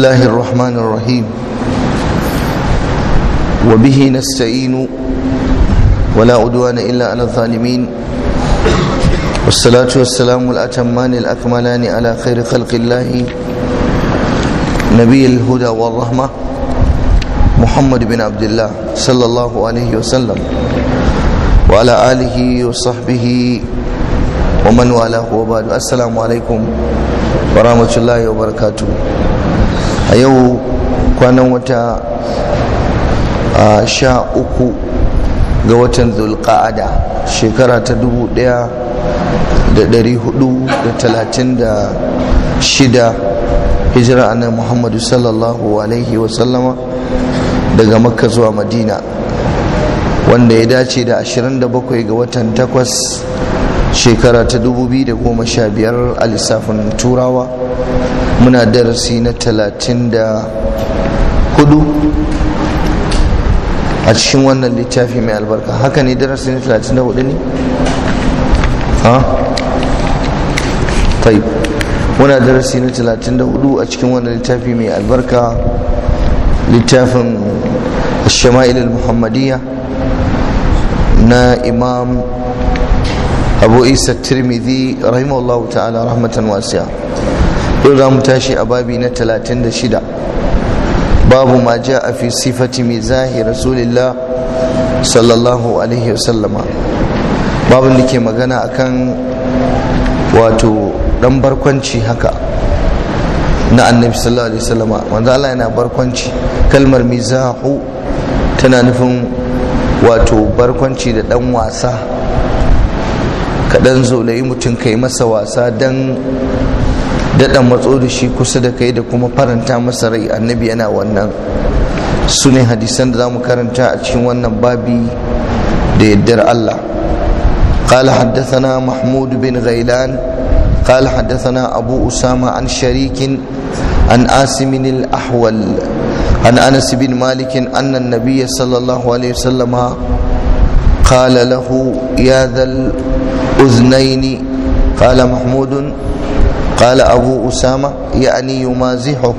الله الرحمن الرحيم وبه نستعين ولا عدوان إلا على الظالمين والصلاة والسلام الأتمان الأكملان على خير خلق الله نبي الهدى والرحمة محمد بن عبد الله صلى الله عليه وسلم وعلى آله وصحبه ومن والاه وبعد السلام عليكم ورحمة الله وبركاته a yau kwanan wata a sha uku ga watan zulka'ada shekara ta dubu daya da dari hudu da talatin da shida hijira annabi muhammadu sallallahu alaihi wasallama daga makka zuwa madina wanda ya dace da 27 ga watan takwas shekara ta 2015 a lissafin turawa muna darasi na talatin da hudu a cikin wannan littafi mai albarka haka ne darasi na talatin da hudu ne? ha? taib muna darasi na talatin da hudu a cikin wannan littafi mai albarka littafin shama'il al-muhammadiyya na imam abu isa tirmidhi rahimahullahu ta'ala rahmatan wasiya yau za mu tashi a babi na 36 babu ma ja a fi sifati mai zahi rasulillah sallallahu alaihi wasallama babin da ke magana akan wato dan barkwanci haka na annabi sallallahu alaihi wasallama wanda Allah yana barkwanci kalmar mizahu tana nufin wato barkwanci da dan wasa kaɗan zolayi mutum kai masa wasa dan daɗa matso da shi kusa da kai da kuma faranta masa rai annabi yana wannan su ne hadisan da za mu karanta a cikin wannan babi da yaddar Allah قال حدثنا محمود بن غيلان قال حدثنا أبو أسامة عن شريك عن آسم الأحول عن أنس بن مالك أن النبي صلى الله عليه وسلم قال له يا ذا الأذنين قال محمود قال أبو أسامة يعني يمازحه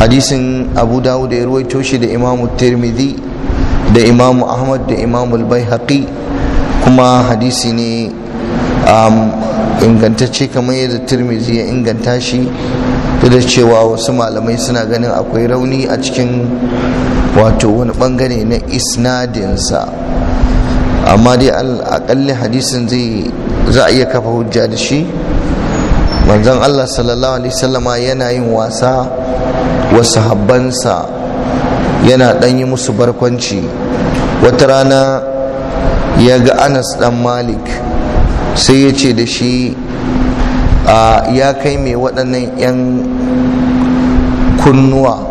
حديث أبو داود يروي توشي ده إمام الترمذي ده إمام أحمد ده إمام البيهقي كما kuma hadisi ne ingantacce kamar yadda tirmizi ya inganta shi da cewa wasu malamai suna ganin akwai rauni a cikin wato wani bangare na isnadinsa amma dai a al'akalli hadisin zai za a iya kafa hujja da shi manzon Allah sallallahu alaihi wasallama yana yin wasa wa sahabbansa yana dan yi musu barkwanci wata rana ya ga Anas dan Malik sai ya ce da shi ya kai mai waɗannan 'yan kunnuwa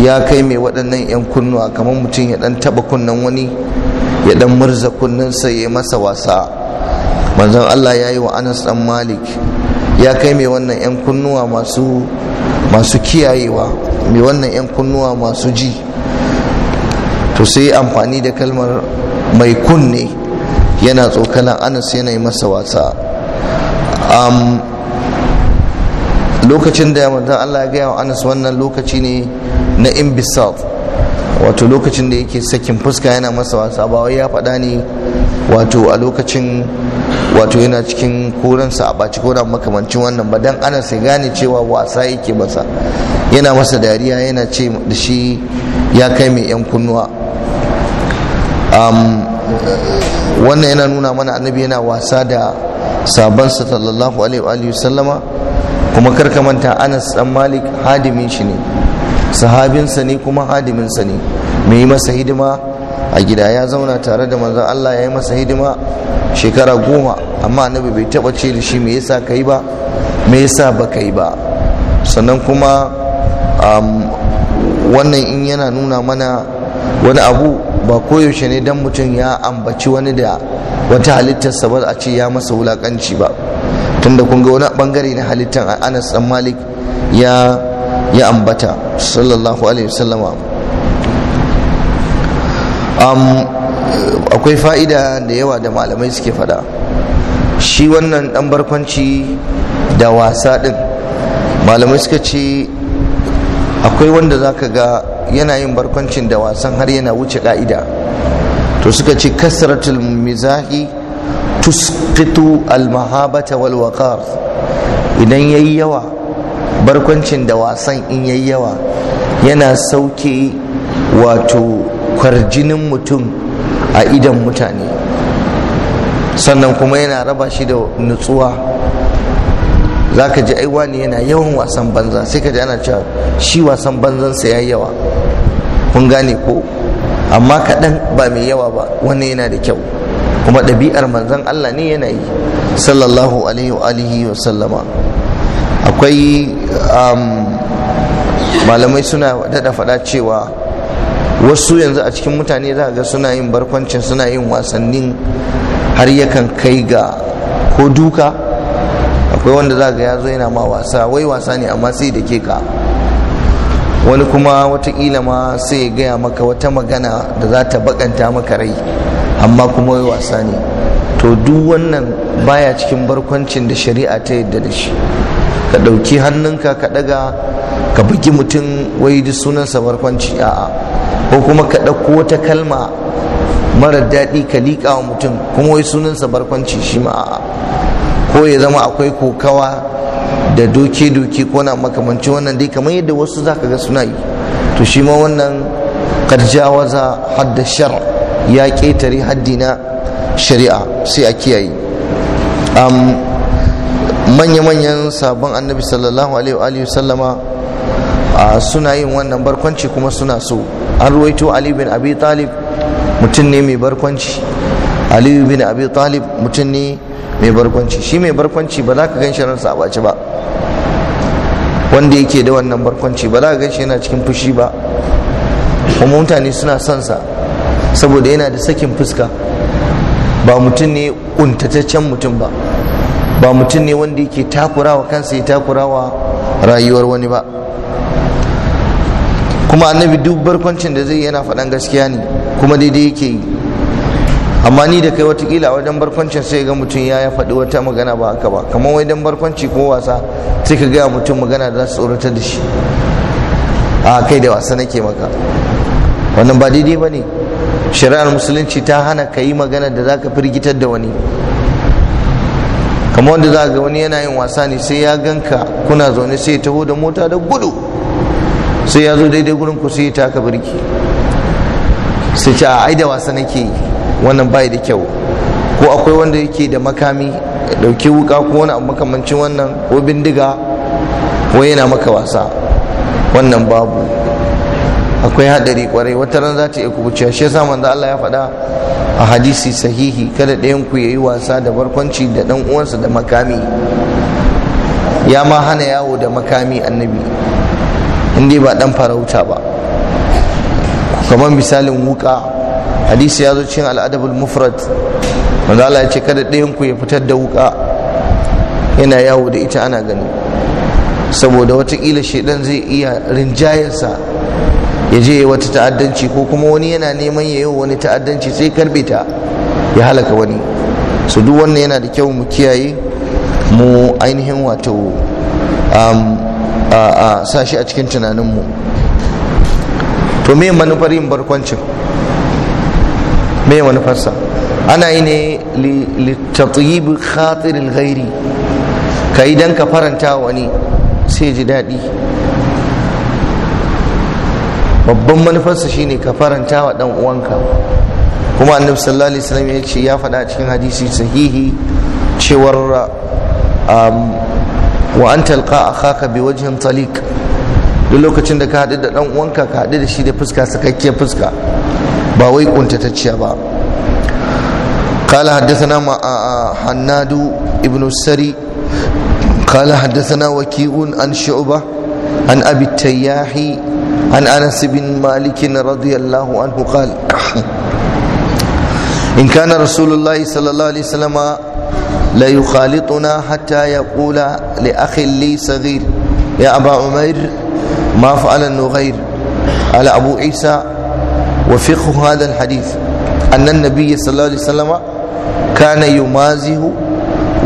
ya kai mai waɗannan 'yan kunnuwa kamar mutum ya ɗan taɓa kunnan wani ya ɗan murza kunnensa sai ya masa wasa manzon Allah ya yi wa Anas ɗan Malik ya kai mai wannan 'yan kunnuwa masu masu kiyayewa mai wannan 'yan kunnuwa masu ji to sai amfani da kalmar mai kunne yana tsokalan anas yana yi masa wasa lokacin da ya mutu Allah ya gaya wa anas wannan lokaci ne na imbisat wato lokacin da yake sakin fuska yana masa wasa ba wai ya faɗa ne wato a lokacin wato yana cikin koransa a baci ko makamancin wannan ba dan ana sai gane cewa wasa yake masa yana masa dariya yana ce da shi ya kai mai yan kunnuwa wannan yana nuna mana annabi yana wasa da sabon sa sallallahu alaihi sallama kuma karka manta anas dan malik hadimin shi ne sahabinsa ne kuma hadiminsa ne mai masa hidima a gida ya zauna tare da manzon Allah ya yi masa hidima shekara goma amma annabi bai taba ce da shi me yasa kai ba me yasa ba kai ba sannan kuma wannan in yana nuna mana wani abu ba koyaushe ne dan mutum ya ambaci wani da wata halittarsa ba a ce ya masa wulakanci ba tunda kun ga wani bangare na halittar anas dan malik ya ya ambata sallallahu alaihi wasallama akwai fa'ida da yawa da malamai suke fada shi wannan dan barkwanci da wasa din malamai suka ce akwai wanda zaka ga yana yin barkwancin da wasan har yana wuce ka'ida to suka ce kasratul mizahi tusqitu al mahabata wal waqar idan yayi yawa barkwancin da wasan in yayi yawa yana sauke wato kwarjinin mutum a idan mutane sannan kuma yana raba shi da nutsuwa za ka ji aiwa ne yana yawan wasan banza sai ka ji ana cewa shi wasan banzansa ya yi yawa kun gane ko amma kaɗan ba mai yawa ba wani yana da kyau kuma ɗabi'ar manzon Allah ne yana yi sallallahu alaihi wa alihi wa sallama akwai um, malamai suna daɗa faɗa cewa wasu yanzu a cikin mutane za ga suna yin barkwancin suna yin wasannin har yakan kai ga ko duka akwai wanda za ga ya zo yana ma wasa wai wasa ne amma sai da ke ka wani kuma watakila ma sai ya gaya maka wata magana da za ta bakanta maka rai amma kuma wai wasa ne to duk wannan baya cikin barkwancin da shari'a ta yadda da shi ka ɗauki hannunka ka ɗaga ka bugi mutum wai duk sunansa barkwanci a'a ko kuma ka ɗauko wata kalma marar daɗi ka liƙa wa mutum kuma wai sunansa barkwanci shi ma ko ya zama akwai kokawa da doke-doke ko na makamanci wannan dai kamar yadda wasu za ka ga suna yi to shi ma wannan karjawaza hadda shar ya ƙetare haddi na shari'a sai a kiyaye manya-manyan sabon annabi sallallahu alaihi wa sallama suna yin wannan barkwanci kuma suna so an ruwaito ali bin abi talib mutum ne mai barkwanci aliyu bin abi talib mutum ne mai barkwanci shi mai barkwanci ba za ka gan shirar sa ɓace ba wanda yake da wannan barkwanci ba za ka gan shi yana cikin fushi ba kuma mutane suna son sa saboda yana da sakin fuska ba mutum ne untataccen mutum ba ba mutum ne wanda yake takurawa kansa ya takurawa rayuwar wani ba kuma annabi duk barkwancin da zai yana faɗan gaskiya ne kuma daidai yake yi amma ni da kai watakila wajen barkwancin sai ga mutum ya ya faɗi wata magana ba haka ba kamar wajen barkwanci ko wasa sai ka gaya mutum magana da za su tsoratar da shi a kai da wasa nake maka wannan ba daidai ba ne shari'ar musulunci ta hana ka yi magana da za ka firgitar da wani kamar wanda za ga wani yana yin wasa ne sai ya ganka kuna zaune sai ya taho da mota da gudu sai ya zo daidai gurin ku sai ya taka birki sai ce ai da wasa nake wannan bai da kyau ko akwai wanda yake da makami ya dauke wuka ko wani abu makamancin wannan ko bindiga ko yana maka wasa wannan babu akwai hadari kwarai wata ran za ta iya kubuciya shi yasa manzo Allah ya faɗa a hadisi sahihi kada ɗayan ku yayi wasa da barkwanci da dan uwansa da makami ya ma hana yawo da makami annabi inda ba dan farauta ba kamar misalin wuka hadisi ya zo cikin al'adabul mufrad wanda Allah ya ce kada ɗayan ku ya fitar da wuka yana yawo da ita ana gani saboda watakila shedan zai iya rinjayarsa ya je wata ta'addanci ko kuma wani yana neman ya yi wani ta'addanci sai karbe ta ya halaka wani su duk wannan yana da kyau mu kiyaye mu ainihin wato um, a sashi a cikin tunaninmu to me manufar yin barkwancin me manufarsa ana yi ne littattyibi khatirin gairi ka yi don ka faranta wani sai ji daɗi babban manufarsa shine ka faranta wa ɗan uwanka kuma annabi sallallahu alaihi wasallam ya ce ya faɗa cikin hadisi sahihi cewar um, wa an talqa akhaka bi wajhin taliq duk lokacin da ka haɗu da ɗan uwanka ka haɗu da shi da fuska sakakkiyar fuska ba wai kuntatacciya ba قال حدثنا مع حناد ابن السري قال حدثنا وكيع عن شعبة عن أبي التياح عن أنس بن مالك رضي الله عنه قال إن كان رسول الله صلى الله عليه وسلم لا يخالطنا حتى يقول لأخ لي صغير يا أبا عمير ما فعل النغير على أبو عيسى وفقه هذا الحديث أن النبي صلى الله عليه وسلم كان يمازه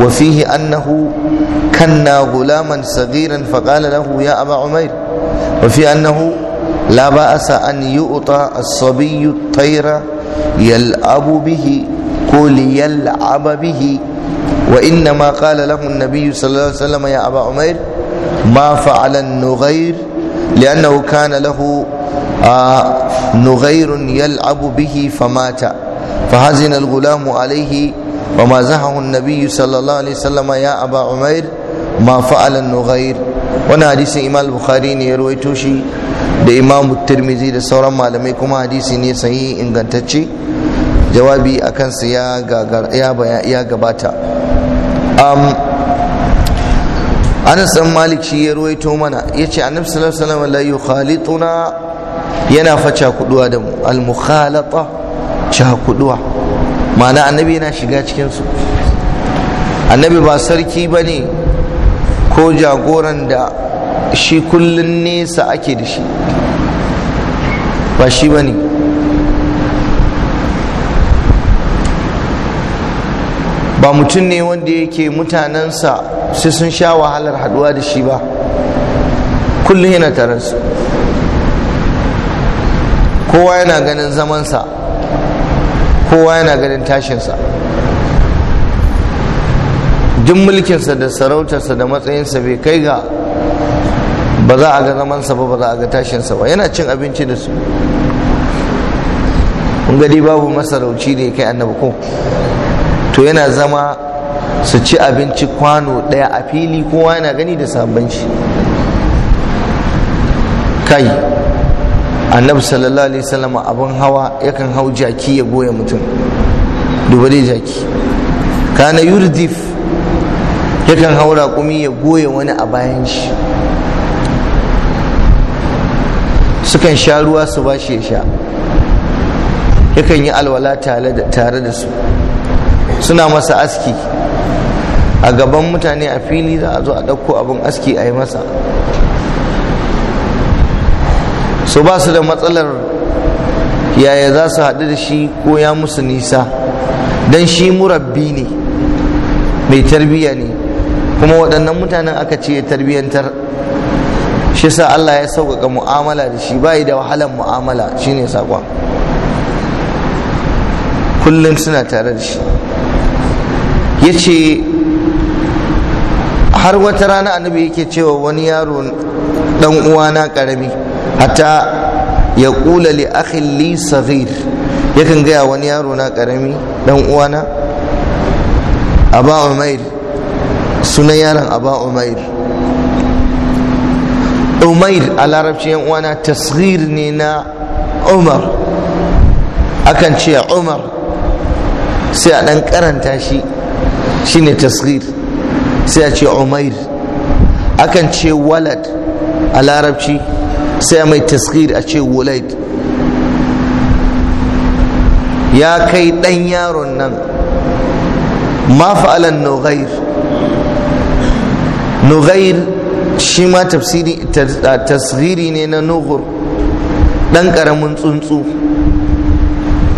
وفيه أنه كنا غلاما صغيرا فقال له يا أبا عمير وفي أنه لا بأس أن يؤطى الصبي الطير يلعب به قل يلعب به وإنما قال له النبي صلى الله عليه وسلم يا أبا عمير ما فعل النغير لأنه كان له آه نغير يلعب به فمات فهزن الغلام عليه ومازحه النبي صلى الله عليه وسلم يا أبا عمير ما فعل النغير وانا حديث إمام البخاري ne ya rawaito shi da Imam Tirmidhi da sauran malamai kuma hadisi ne sahihi ingantacce jawabi akan sa ya ya gabata Um, anas ɗan malik shi ya ruwaito mana ya yace annabi sallallahu alaihi wasallam la yukhalituna yana fa cakuduwa da mu al mukhalata cakuduwa ma'ana annabi yana shiga cikinsu annabi ba sarki bane ko jagoran da shi kullun nesa ake da shi ba shi bane ba mutum ne wanda yake mutanensa sai sun sha wahalar haduwa da shi ba kullum yana tare su kowa yana ganin zamansa kowa yana ganin tashinsa duk mulkinsa da sarautarsa da matsayinsa bai kai ga ba za a ga zamansa ba ba za a ga tashinsa ba yana cin abinci da su kun gadi babu masarauci da ya kai annabi ko to yana zama su ci abinci kwano ɗaya a fili kowa yana gani da sabon shi kai annabi sallallahu alaihi wasallam abin hawa yakan hau jaki ya goya mutum duba dai jaki kana yurdif yakan hau raƙumi ya goya wani a bayan shi sukan sha ruwa su ba shi ya sha yakan yi alwala tare da su suna masa aski a gaban mutane a fili za a zo a ɗauko abin aski a yi masa su ba su da matsalar yaya za su haɗu da shi ko ya musu nisa don shi murabbi ne mai tarbiyya ne kuma waɗannan mutanen aka ce tarbiyyantar shi sa Allah ya sauƙaƙa mu'amala da shi bayi da wahalar mu'amala shine sakon kullum suna tare da shi ya ce har wata rana annabi yake cewa wani yaro dan uwana karami hatta ya kula li akhin li saghir yakan gaya wani yaro na karami dan uwana aba umair sunan yaron aba umair umair a larabci yan uwana tasghir ne na umar akan ce umar sai a dan karanta shi shine tasghir sai a ce umair akan ce walad a larabci sai a mai tasghir a ce walad ya kai dan yaron nan ma fa'alan nughair nughair shi ma tafsiri ne na nughur dan karamin tsuntsu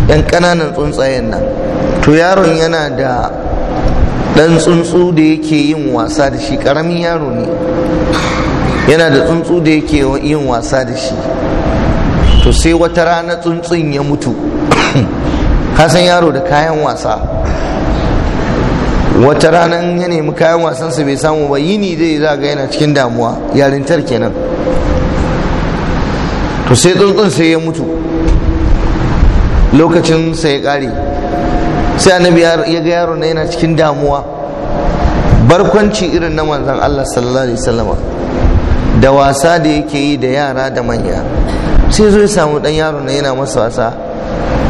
yan kananan tsuntsayen nan to yaron yana da dan tsuntsu da yake yin wasa da shi karamin yaro ne yana da tsuntsu da yake yin wasa da shi to sai wata rana tsuntsun ya mutu kasan yaro da kayan wasa wata rana ya nemi kayan wasansa bai samu ba yini zai zaga yana cikin damuwa yarintar kenan to sai tsuntsun sai ya mutu lokacin sai ya kare sai annabi ya ga yaro na yana cikin damuwa barkwanci irin na manzon Allah sallallahu alaihi wasallama da wasa da yake yi da yara da manya sai zo ya samu dan yaro na yana masa wasa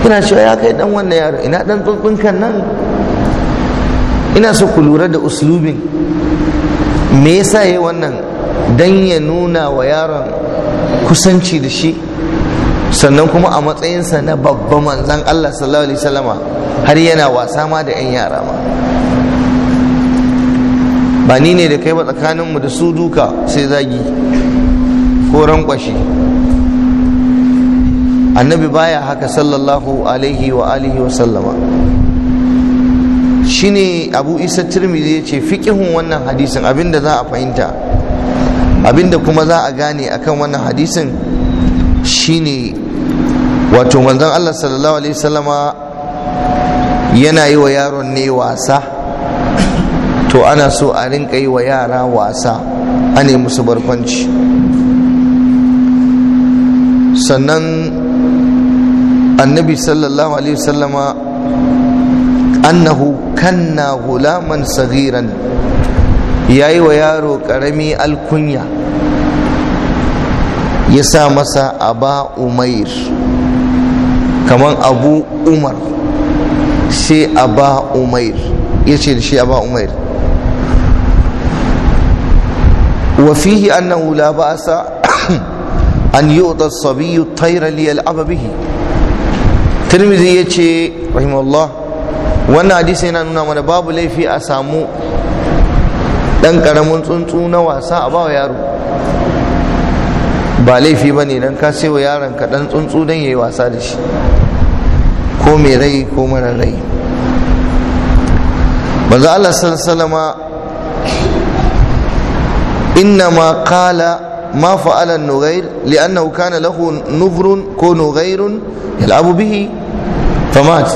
ina cewa ya kai dan wannan yaro ina dan tsuntsun kan nan ina so ku lura da uslubin me yasa yayi wannan dan ya nuna wa yaron kusanci da shi sannan kuma a matsayinsa na babban manzan Allah sallallahu alaihi wasallama har yana wasa ma da 'yan yara ma ba ni ne da kai ba tsakanin mu da su duka sai zagi ko rankwashe annabi baya haka sallallahu alaihi wa alihi wa sallama shine abu isa tirmidhi ya ce fikihun wannan hadisin abinda za a fahimta abinda kuma za a gane akan wannan hadisin shine wato manzon Allah sallallahu alaihi wasallama yana yi wa yaron ne wasa to ana so a rinka yi wa yara wasa ne musu barkwanci sannan annabi sallallahu alaihi wasallama annahu kanna gulaman sagiran ya yi wa yaro karami alkunya ya sa masa aba umair kamar abu umar shi aba umair ya ce shi aba umair wafihi annahu la ba'sa an yi as-sabiyyu tayra li yal'aba bihi tirmidhi yace rahimahullah wannan hadisi yana nuna mana babu laifi a samu ɗan ƙaramin tsuntsu na wasa a ba yaro ba laifi ba ne don ka wa yaron ka ɗan tsuntsu don ya yi wasa da shi ko mai rai ko mara rai manzo Allah salama inna ma qala ma fa'ala an-nughair kana lahu nughrun ko nughairun yal'abu bihi famat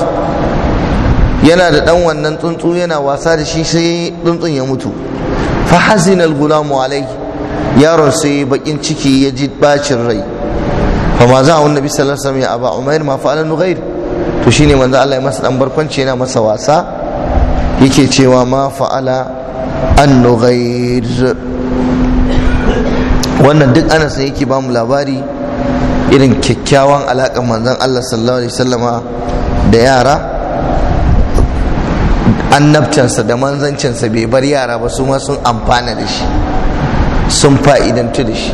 yana da dan wannan tsuntsu yana wasa da shi sai tsuntsun ya mutu fa hazina al-ghulamu alayhi yaron sai bakin ciki ya ji bacin rai fa ma za annabi sallallahu alaihi wasallam ya aba umair ma fa'ala nugair? to shine manzo Allah ya masa dan barkwanci yana masa wasa yake cewa ma fa'ala an nugair? wannan duk ana sai yake bamu labari irin kyakkyawan alaƙar manzon Allah sallallahu alaihi da yara annabcinsa da manzancinsa bai bar yara ba su ma sun amfana da shi sun fa'idantu da shi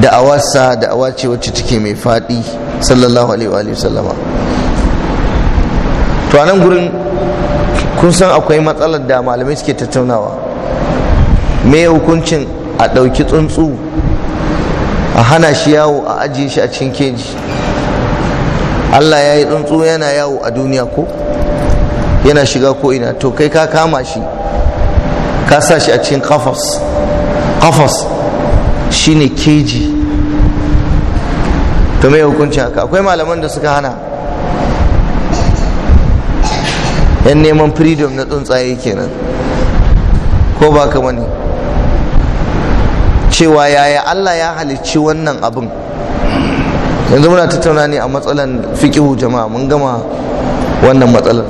da'awarsa da'awa ce wacce take mai faɗi sallallahu alaihi wa sallama to a nan gurin kun san akwai matsalar da malamai suke tattaunawa me hukuncin a ɗauki tsuntsu a hana shi yawo a ajiye shi a cikin keji allah ya yi tsuntsu yana yawo a duniya ko yana shiga ko ina to kai ka kama shi ka sa shi a cikin kafas shi ne keji to mai hukunci haka akwai malaman da suka hana yan neman freedom na tsuntsaye kenan ko ba ka wani cewa yaya Allah ya halicci wannan abin yanzu muna tattauna ne a matsalan fikihu jama'a mun gama wannan matsalar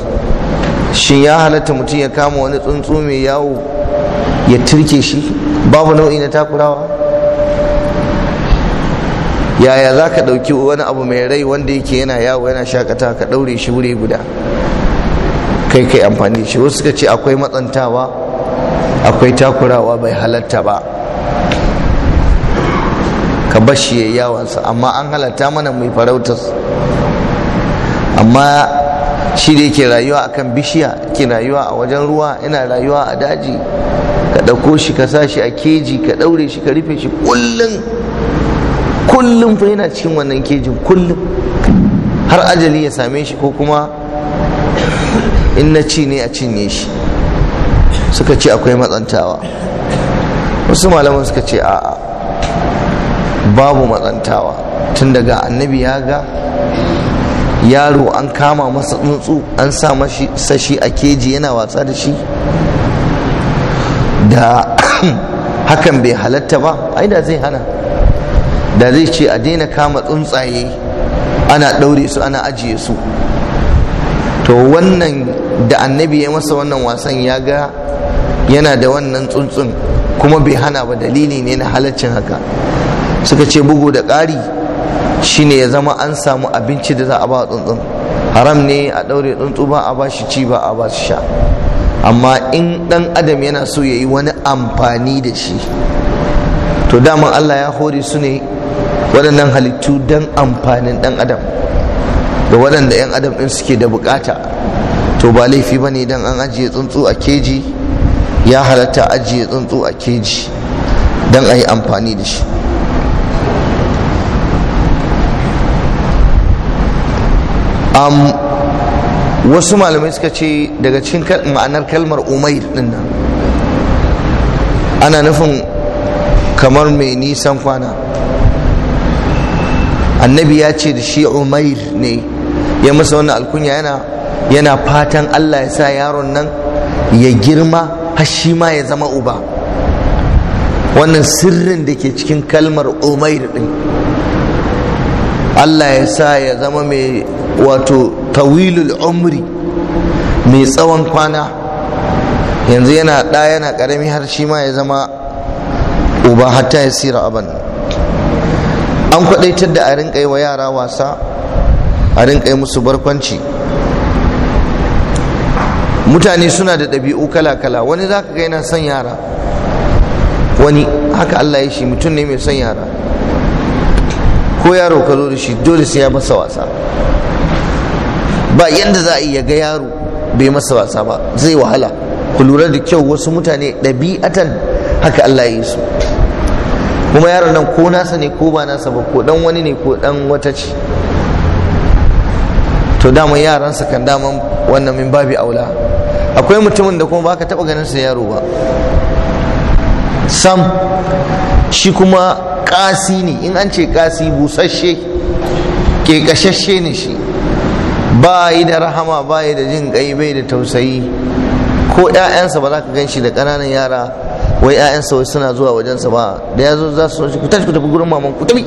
shin ya halatta mutum ya kama wani tsuntsu mai yawo ya turke shi babu nau'i na takurawa yaya za ka ɗauki wani abu mai rai wanda yake yana yawo yana shakata ka ɗaure shi wuri guda kai kai amfani shi wasu suka ce akwai matsantawa akwai takurawa bai halatta ba ka bashi ya yawansa amma an halatta mana mai farautas amma shi da yake rayuwa akan bishiya ke rayuwa a wajen ruwa yana rayuwa a daji ka ɗauko shi ka sa shi a keji ka ɗaure shi ka rufe shi kullum kullum fa yana cikin wannan kejin kullum har ajali ya same shi ko kuma in na ci ne a cinye shi suka ce akwai matsantawa wasu malaman suka ce a'a babu matsantawa tun daga annabi ya ga yaro an kama masa tsuntsu an sa sashi a keji yana wasa da shi da hakan bai halatta ba ai da zai hana da zai ce a daina kama tsuntsaye ana ɗaure su ana ajiye su to wannan da annabi ya masa wannan wasan ya ga yana da wannan tsuntsun kuma bai hana ba dalili ne na halaccin haka suka ce bugu da ƙari shine ya zama an samu abinci da za a ba tsuntsun haram ne a ɗaure tsuntsu ba a ba shi ci ba a ba shi sha amma in ɗan adam yana so ya yi wani amfani da shi to dama Allah ya hori su ne waɗannan halittu don amfanin ɗan adam da waɗanda 'yan adam ɗin suke da bukata to ba laifi ba ne don an ajiye tsuntsu a keji ya halatta ajiye tsuntsu a keji don a yi amfani da shi um, wasu malamai suka ce daga cikin ma'anar kalmar umair din nan ana nufin kamar mai nisan kwana annabi ya ce da shi umair ne ya masa wannan alkunya yana yana fatan allah ya sa yaron nan ya girma har shi ma ya zama uba wannan sirrin da ke cikin kalmar umair din allah ya sa ya zama mai wato tawilul umri mai tsawon kwana yanzu yana ɗaya, yana ƙarami har shi ma ya zama uba hatta ya sira aban an kwadaitar da a rinƙa wa yara wasa a rinƙa musu barkwanci mutane suna da ɗabi'u kala-kala wani za ka ga yana son yara wani haka allah ya shi mutum ne mai son yara ko yaro ka zo da shi dole sai ya masa wasa ba yanda za a iya ga yaro bai masa wasa ba zai wahala ku lura da kyau wasu mutane ɗabi'atan haka Allah ya yi su kuma yaron nan ko nasa ne ko ba nasa ba ko dan wani ne ko dan wata ce to dama yaransa kan dama wannan min babi aula akwai mutumin da kuma baka taba ganin sa yaro ba sam shi kuma kasi ne in an ce kasi busasshe ke kashashe ne shi ba yi da rahama ba yi da jin kai bai da tausayi ko 'ya'yansa ba za ka gan shi da ƙananan yara wai 'ya'yansa wai suna zuwa wajensa ba da ya zo za su ku tashi ku tafi gurin maman ku tafi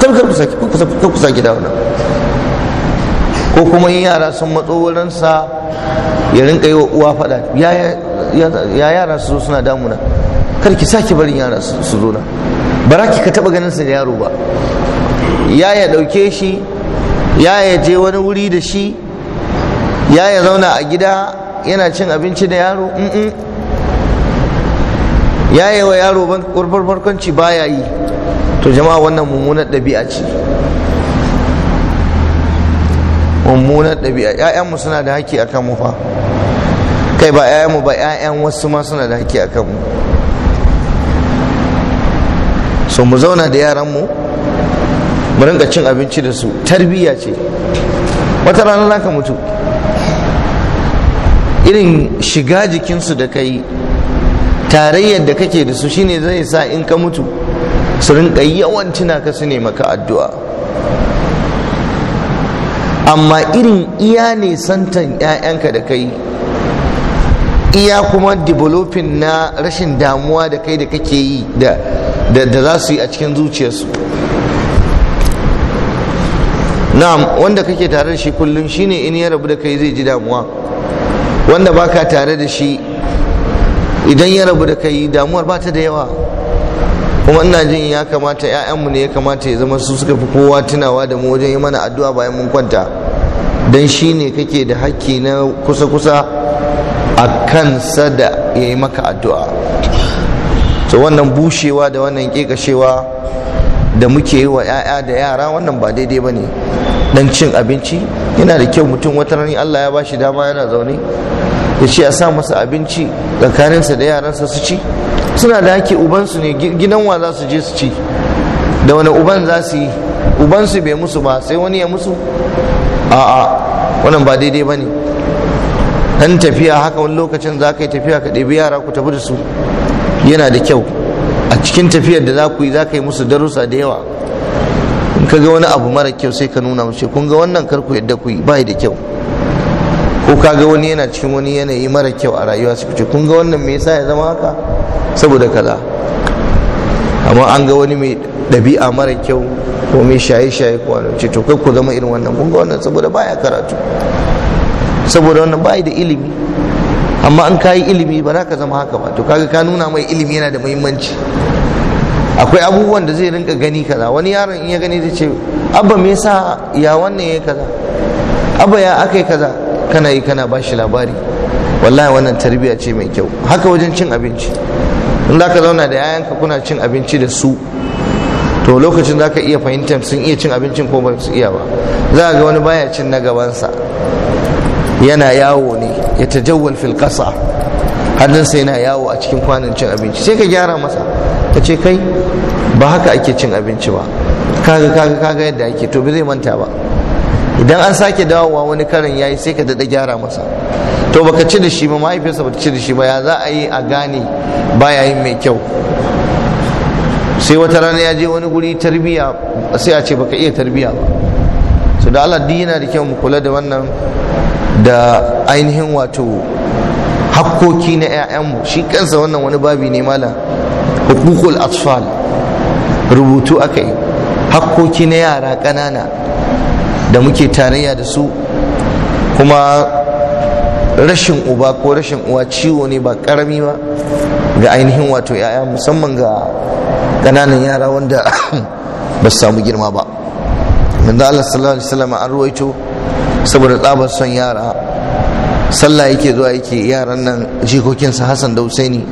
kar ku saki ku ku saki dawo ko kuma in yara sun matso wurinsa ya rinka yi wa uwa fada ya yara su zo suna damuna kar ki sake barin yara su zo na ba ki ka taba ganin sa da yaro ba ya ya dauke shi ya ya je wani wuri da shi ya ya zauna a gida yana cin abinci da yaro ya yi wa yaro kurfar barkwanci ya yi to jama'a wannan mummunar ɗabi'a ce mummunar ɗabi'a ‘ya'yanmu suna da haƙƙi a kanmu fa kai ba ‘ya'yanmu ba ‘ya'yan wasu ma suna da haƙƙi a kanmu so mu zauna da yaranmu mu rinka cin abinci da su tarbiyya ce wata rana za ka mutu irin shiga jikinsu da ka yi tarayyar da kake da su shine zai sa in ka mutu su rinka yawan tuna ka su ne maka addu'a amma irin iya ne santan 'ya'yanka da kai iya kuma developing na rashin damuwa da kai da kake yi da za su yi a cikin zuciyarsu na'am wanda kake tare da shi kullum shine in ya rabu da kai zai ji damuwa wanda baka tare da shi idan ya rabu da kai damuwar ba ta da yawa kuma ina jin ya kamata 'ya'yanmu ne ya kamata ya zama su suka fi kowa tunawa da mu wajen yi mana addu'a bayan mun kwanta don shi ne kake da hakki na kusa-kusa a kansa da ya yi maka addu'a to wannan bushewa da wannan kekashewa da muke yi wa 'ya'ya da yara wannan ba daidai ba ne dan cin abinci yana da kyau mutum wata rani Allah ya bashi dama yana zaune ya ce a sa masa abinci tsakaninsa da yaransa su ci suna da haƙƙi ubansu ne gidan wa za su je su ci da wani uban za su yi ubansu bai musu ba sai wani ya musu a'a wannan ba daidai ba ne dan tafiya haka wani lokacin za ka yi tafiya ka ɗebi yara ku tafi da su yana da kyau a cikin tafiyar da za ku yi za ka yi musu darussa da yawa in ka ga wani abu mara kyau sai ka nuna mace kun ga wannan karku yadda ku yi bai da kyau ko ka ga wani yana cikin wani yanayi mara kyau a rayuwa su ce kun ga wannan me yasa ya zama haka saboda kaza amma an ga wani mai ɗabi'a mara kyau ko mai shaye-shaye ko wani ce to kai ku zama irin wannan kun ga wannan saboda baya karatu saboda wannan bai da ilimi amma an kayi ilimi ba za ka zama haka ba to kaga ka nuna mai ilimi yana da muhimmanci akwai abubuwan da zai rinka gani kaza wani yaron in ya gani zai ce abba me yasa ya wannan yayi kaza abba ya akai kaza kana yi kana bashi labari wallahi wannan tarbiyya ce mai kyau haka wajen cin abinci in za ka zauna da yayanka kuna cin abinci da su to lokacin za ka iya fahimtar sun iya cin abincin ko ba su iya ba za ga wani baya cin na gabansa yana yawo ne ya tajawwal fil qasa sai yana yawo a cikin kwanan cin abinci sai ka gyara masa ka ce kai ba haka ake cin abinci ba kaga kaga kaga yadda ake to ba zai manta ba idan an sake dawowa wani karin yayi sai ka dada gyara masa to baka ci da shi ba mahaifiyarsa bata ci da shi ba ya za a yi a gane baya yin mai kyau sai wata rana ya je wani guri tarbiya sai a ce baka iya tarbiya ba to da Allah yana da kyau mu kula da wannan da ainihin wato hakkoki na 'ya'yanmu shi kansa wannan wani babi ne mala hukukul asfal rubutu aka yi hakkoki na yara ƙanana da muke tarayya da su kuma rashin uba ko rashin uwa ciwo ne ba ƙarami ba ga ainihin wato 'ya'ya musamman ga ƙananan yara wanda ba su samu girma ba manzo Allah sallallahu alaihi an ruwaito saboda tsabar son yara sallah yake zuwa yake yaran nan jikokinsa hassan da husaini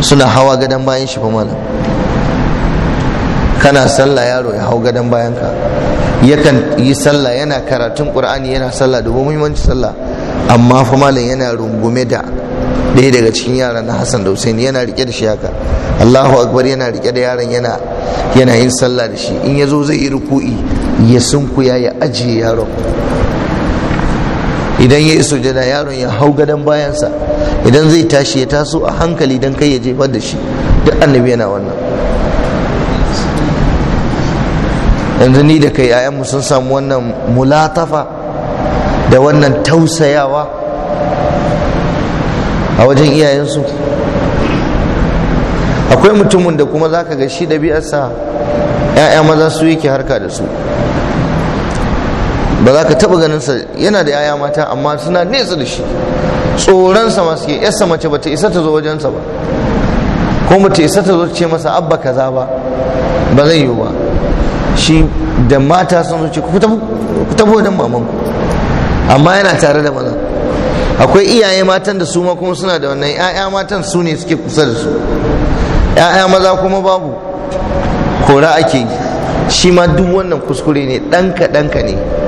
suna hawa gadon bayan shi fa malam kana sallah yaro ya hau gadon bayan ka yakan yi sallah yana karatun qur'ani yana sallah domin muhimmanci sallah amma fa malam yana rungume da ɗaya daga cikin yaran na hassan da husaini yana rike da shi haka allahu akbar yana rike da yaron yana yana yin sallah da shi in ya zo zai yi ruku'i ya sunku ya ajiye yaron idan ya iso jada yaron ya hau gadon bayansa idan zai tashi ya taso a hankali don kai ya jefar da shi duk annabi yana wannan yanzu ni da kai yayanmu sun samu wannan mulatafa da wannan tausayawa a wajen iyayensu akwai mutumin da kuma zaka ga shi ɗabi'arsa 'ya'ya maza su yake harka da su ba za ka taba ganin sa yana da yaya mata amma suna nesa da shi tsoron sa ma suke yasa mace ta isa ta zo wajensa ba ko ta isa ta zo ce masa abba kaza ba ba zai yiwu ba shi da mata sun zo ce ku tabo wajen maman ku amma yana tare da maza akwai iyaye matan da su ma kuma suna da wannan 'ya'ya matan su ne suke kusa da su 'ya'ya maza kuma babu kora ake yi shi ma duk wannan kuskure ne ɗanka ɗanka ne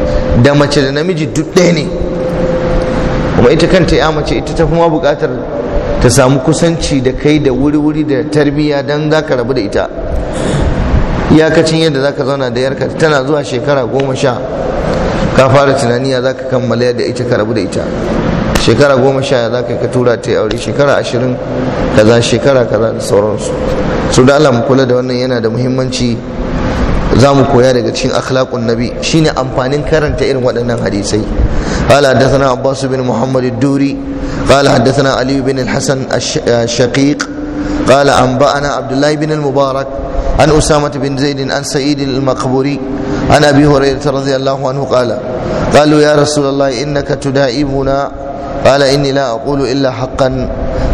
da mace da namiji duk ɗaya ne kuma ita kanta ya mace ita ta kuma buƙatar ta samu kusanci da kai da wuri-wuri da tarbiyya don za ka rabu da ita iyakacin yadda za ka zauna da yarka tana zuwa shekara goma sha ka fara tunani ya za ka kammala yadda ita ka rabu da ita shekara goma sha ya za ka ka tura ta aure shekara ashirin kaza shekara kaza da sauransu su da alam kula da wannan yana da muhimmanci za mu koya daga cikin akhlaqun nabi shine amfanin karanta irin waɗannan hadisai qala haddathana abbas bin muhammad ad-duri qala haddathana ali bin al-hasan ash-shaqiq qala anba'ana abdullah bin al-mubarak an usama bin zaid an sa'id al-maqburi an abi hurairah radiyallahu anhu qala qalu ya rasulullah innaka tudaibuna قال إني لا أقول إلا حقا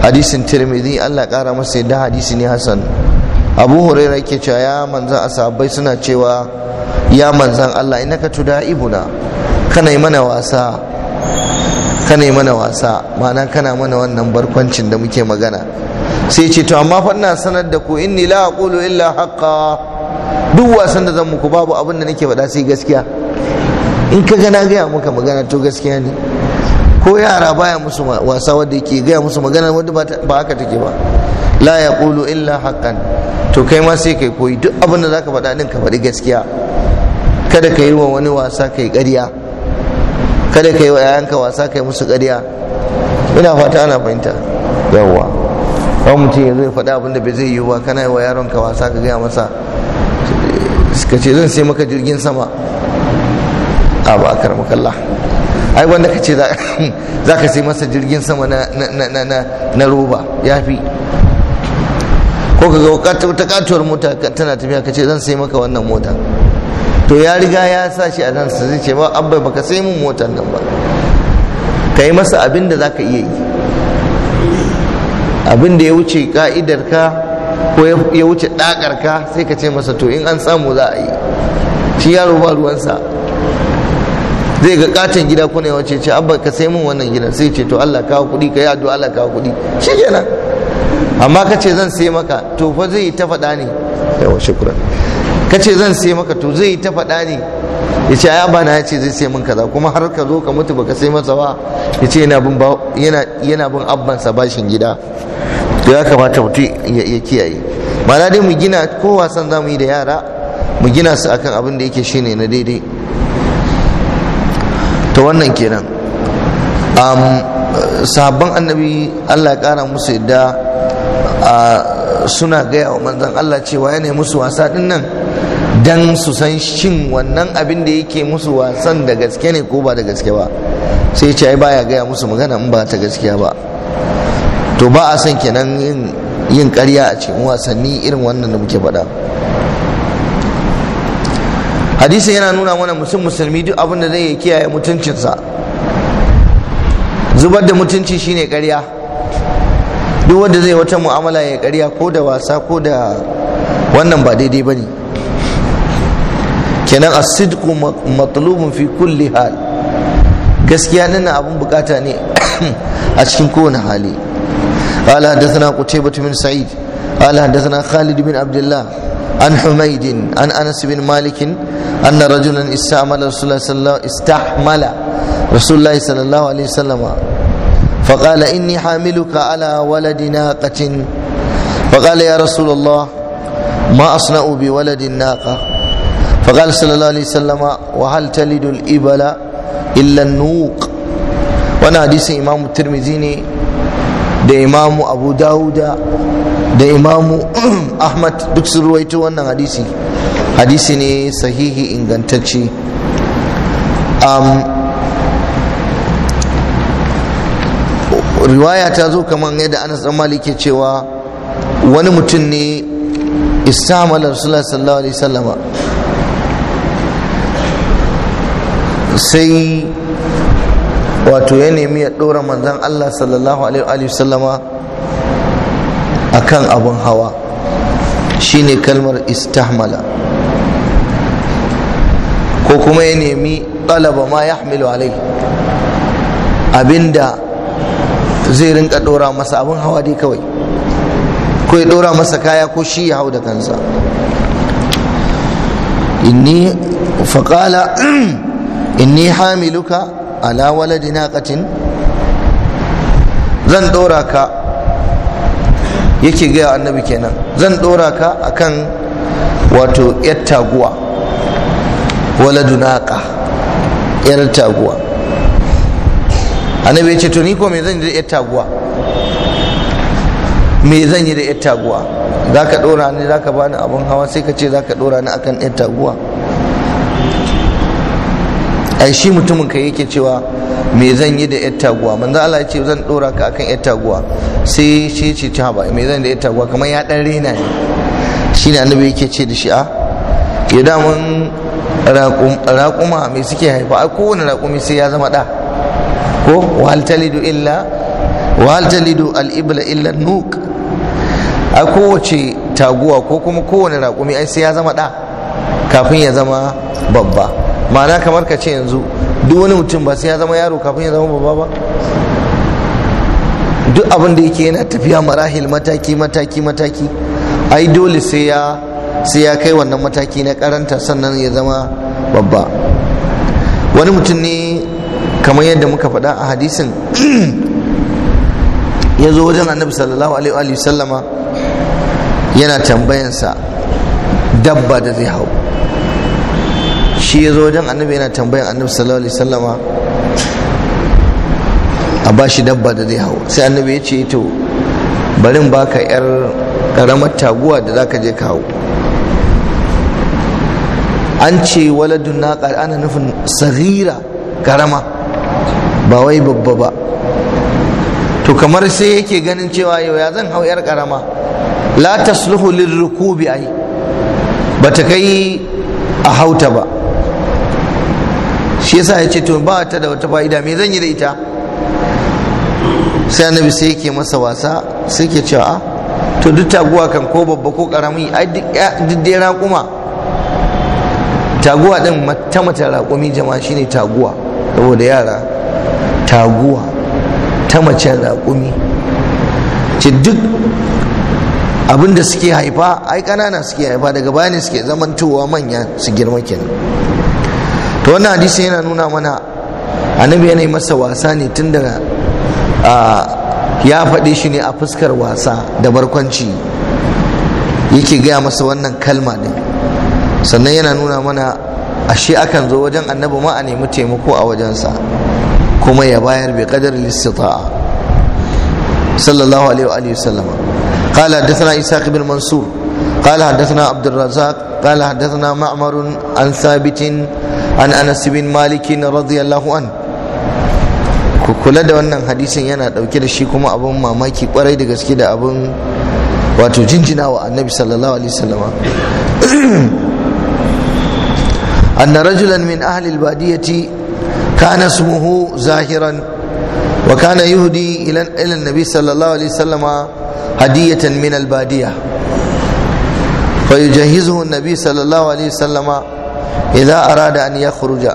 حديث الترمذي ألا قال مسجد حديث حسن abu huraira yake cewa ya manzan asabai suna cewa ya manzan allah tuda ibuna kana yi mana wasa kana yi mana wasa ma'ana kana mana wannan barkwancin da muke magana sai ce to amma fa ina sanar da ku inni la aqulu illa haqqa duk wasan da zan muku babu abin da nake faɗa sai gaskiya in ka gana gaya muka magana to gaskiya ne ko yara baya musu wasa wadda yake gaya musu magana wadda ba haka take ba la yaqulu illa haƙƙan to kai ma sai kai koyi duk abin da zaka faɗa din ka faɗi gaskiya kada ka yi wa wani wasa kai ƙarya kada ka yi wa yayanka wasa kai musu ƙarya ina fata ana fahimta yawwa ba mutum ya zo ya faɗa abin da bai zai yi ba kana yi wa yaronka wasa ka gaya masa ka ce zan sai maka jirgin sama a ba kalla ai wanda ka ce za ka sai masa jirgin sama na roba ya fi ko ka ga wata katuwar mota tana tafiya ka ce zan sai maka wannan mota to ya riga ya sa shi a nan zai ce ba abba baka sai mun motar nan ba ka yi masa abin da za ka iya yi abin da ya wuce ka'idar ka ko ya wuce ɗakar ka sai ka ce masa to in an samu za a yi shi yaro ba ruwansa zai ga katin gida kuna yawace ce abba ka sai mun wannan gidan sai ce to Allah kawo kuɗi ka yi addu'a Allah kawo kuɗi shi kenan amma ka ce zan sai maka to fa zai yi ta faɗa ne yawa ka ce zan sai maka to zai yi ta faɗa ne ya ce ya bana ya ce zai sai min kaza kuma har ka zo ka mutu baka sai masa ba ya ce yana bin bin abbansa bashin gida to ya kamata mutu ya kiyaye ma'ana dai mu gina ko wasan za mu yi da yara mu gina su akan abin da yake shine na daidai to wannan kenan sabon annabi Allah ya kara musu yadda suna gaya wa manzan Allah cewa yana musu wasa din nan dan su san shin wannan abin da yake musu wasan da gaske ne ko ba da gaske ba sai ce ai baya gaya musu magana in ba ta gaskiya ba to ba a son kenan yin karya a cikin wasanni irin wannan da muke faɗa hadisin yana nuna mana mutum musulmi duk abin da zai kiyaye mutuncinsa zubar da mutunci shine karya. duk wanda zai wata mu'amala ya karya ko da wasa ko da wannan ba daidai ba ne kenan asidku matlubun fi kulli hal gaskiya nan abun bukata ne a cikin kowane hali قال حدثنا قتيبة بن سعيد قال حدثنا خالد bin عبد an عن حميد عن انس بن مالك ان رجلا استعمل رسول الله صلى فقال إني حاملك على ولد ناقة فقال يا رسول الله ما أصنع بولد الناقة فقال صلى الله عليه وسلم وهل تلد الإبل إلا النوق وانا حديث إمام الترمذي da imamu abu dawuda da imamu ahmad duk sun ruwaito wannan hadisi hadisi ne sahihi ingantacce um, riwaya ta zo kamar yadda anas dan malik ke cewa wani mutum ne istamala rasulullah sallallahu alaihi Sallama sai wato ya nemi ya dora manzan Allah sallallahu alaihi a akan abin hawa shine kalmar istahmala ko kuma ya nemi ɗalaba ma ya hamilu alaihi abinda zai rinka dora masa abin hawa dai kawai ko ya dora masa kaya ko shi ya hau da kansa inni faƙala inni hamiluka ala waladi naqatin zan dora ka yake gaya annabi kenan zan dora ka akan wato yar taguwa waladu naqa yar taguwa annabi ya ce to ni ko me zan yi da yar taguwa me zan yi da yar taguwa za ka ɗora ni za ka bani abin hawa sai ka ce za ka ɗora ni akan yar taguwa ai shi mutumin ka yake cewa me zan yi da yar taguwa manzo Allah ya ce zan ɗora ka akan yar taguwa sai shi ce ta ba me zan yi da yar taguwa kamar ya ɗan rena ne shi ne annabi yake ce da shi a ah, ya damun raƙuma me suke haifa a kowane raƙumi sai ya zama ɗa ko wal talidu illa wal talidu al ibla illa nuk a kowace taguwa ko kuma kowane raƙumi ai sai ya zama ɗa kafin ya zama babba ma'ana kamar ka ce yanzu duk wani mutum ba sai ya zama yaro kafin ya zama babba ba duk abin da yake yana tafiya marahil mataki mataki mataki ai dole sai ya sai ya kai wannan mataki na karanta sannan ya zama babba wani mutum ne kamar yadda muka faɗa a hadisin ya zo wajen annabi sallallahu alaihi wa sallama yana tambayansa dabba da zai hau shi ya zo wajen annabi yana tambayan annabi sallallahu alaihi wa sallama a ba shi dabba da zai hau sai annabi ya ce to barin baka yar karamar taguwa da zaka je ka hau an ce waladun naqar ana nufin sagira karama ba wai babba ba to kamar sai yake ganin cewa yau ya zan hau yar karama la tasluhu lirrukubi ai bata kai a hauta ba shi yasa ya ce to ba ta da wata fa'ida me zan yi da ita sai annabi sai yake masa wasa sai ke cewa ah, to duk taguwa kan ko babba ko karami ai duk dai raƙuma taguwa din ta mata raƙumi jama'a shine taguwa saboda yara taguwa ta macen raƙumi ce duk abin da suke haifa ai ƙanana suke haifa daga bayanin suke zamantowa manya su girma kenan to wannan hadisi yana nuna mana annabi yana yi masa wasa ne tun daga ya faɗe shi ne a fuskar wasa da barkwanci yake gaya masa wannan kalma ne. sannan yana nuna mana ashe akan zo wajen annabi ma a nemi taimako a wajensa kuma ya bayar bi kadar al sallallahu alaihi wa alihi wasallam قال حدثنا إسحاق بن منصور قال حدثنا عبد الرزاق قال حدثنا معمر عن ثابت عن أنس بن مالك رضي الله عنه ku kula da wannan hadisin yana ɗauke da shi kuma abin mamaki kwarai da gaske da abun wato jinjina wa annabi sallallahu alaihi wasallama anna rajulan min ahli albadiyati كان اسمه زاهرا وكان يهدي إلى إلى النبي صلى الله عليه وسلم هدية من البادية فيجهزه النبي صلى الله عليه وسلم إذا أراد أن يخرج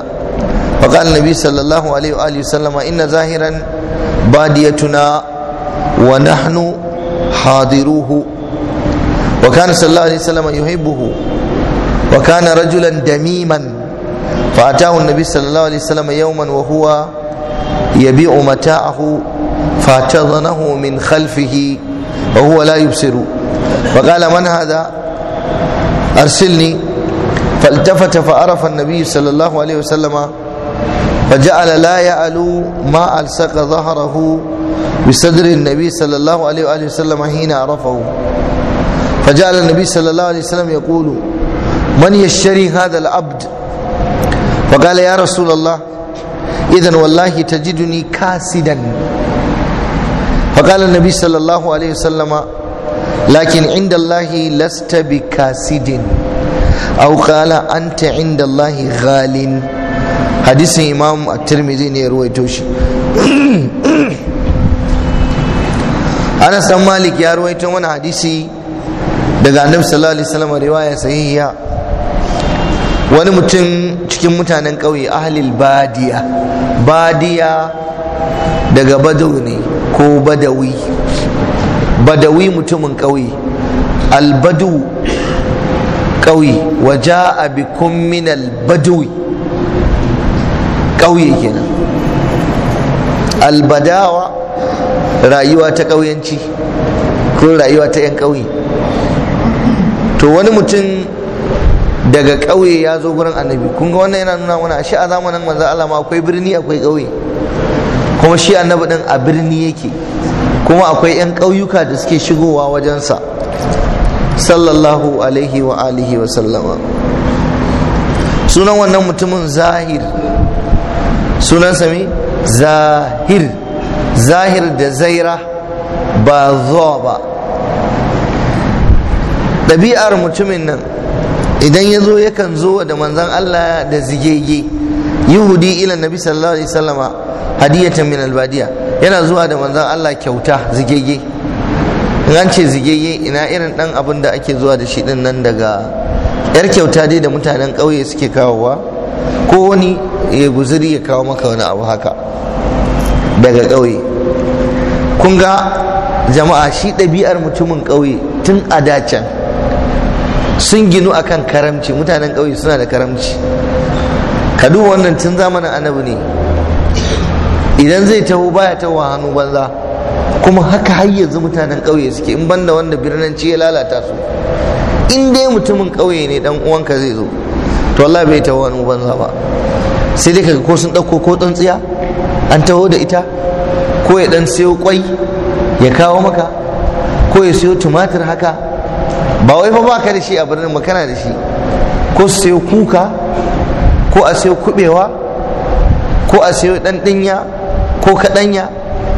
فقال النبي صلى الله عليه وآله وسلم إن زاهرا باديتنا ونحن حاضروه وكان صلى الله عليه وسلم يحبه وكان رجلا دميما فأتاه النبي صلى الله عليه وسلم يوما وهو يبيع متاعه فاعتضنه من خلفه وهو لا يبصر فقال من هذا أرسلني فالتفت فعرف النبي صلى الله عليه وسلم فجعل لا يعلو ما ألصق ظهره بصدر النبي صلى الله عليه وآله وسلم حين عرفه فجعل النبي صلى الله عليه وسلم يقول من يشتري هذا العبد فقال يا رسول الله إذا والله تجدني كاسدا فقال النبي صلى الله عليه وسلم لكن عند الله لست بكاسد أو قال أنت عند الله غال حديث إمام الترمذي يروي توشي أنا سمالك يا رويتو من حديثي daga annabi sallallahu alaihi wasallam riwaya sahihiya wani mutum cikin mutanen ƙauye ahlil badiya badiya daga badau ne ko badawi badawi mutumin ƙauye albadu ƙauye waja abikun minal albadawi ƙauye kenan albadawa rayuwa ta ƙauyenci, ko rayuwa ta 'yan ƙauye to wani mutum daga ƙauye ya zo gurin annabi kun ga wannan yana nuna mana ashe a zamanin manzo Allah ma akwai birni akwai ƙauye kuma shi annabi din a birni yake kuma akwai 'yan ƙauyuka da suke shigowa wajensa sallallahu alaihi wa alihi wa sallama sunan wannan mutumin zahir sunan sami zahir zahir da zaira ba zuwa ba ɗabi'ar mutumin nan idan ya zo yakan zo da manzan Allah da zigege yahudi ila nabi sallallahu alaihi sallama hadiyatan min albadiya yana zuwa da manzan Allah kyauta zigege in ce zigege ina irin dan abin da ake zuwa da shi din nan daga yar kyauta dai da mutanen ƙauye suke kawowa ko wani ya guzuri ya kawo maka wani abu haka daga ƙauye kun ga jama'a shi ɗabi'ar mutumin ƙauye tun a dacen sun ginu akan karamci mutanen ƙauye suna da karamci ka wannan tun zamanin annabi ne idan zai taho baya a hannu banza kuma haka har yanzu mutanen ƙauye suke in banda wanda birnanci ya lalata su in dai mutumin ƙauye ne dan uwanka zai zo to Allah bai taho hannu banza ba sai dai kaga ko sun ɗauko ko tsantsiya an taho da ita ko ya dan sayo kwai ya kawo maka ko ya sayo tumatir haka ba wai ba baka da shi a birnin kana da shi ko a kuka ko a sayo kubewa ko a sayo dan ko kaɗanya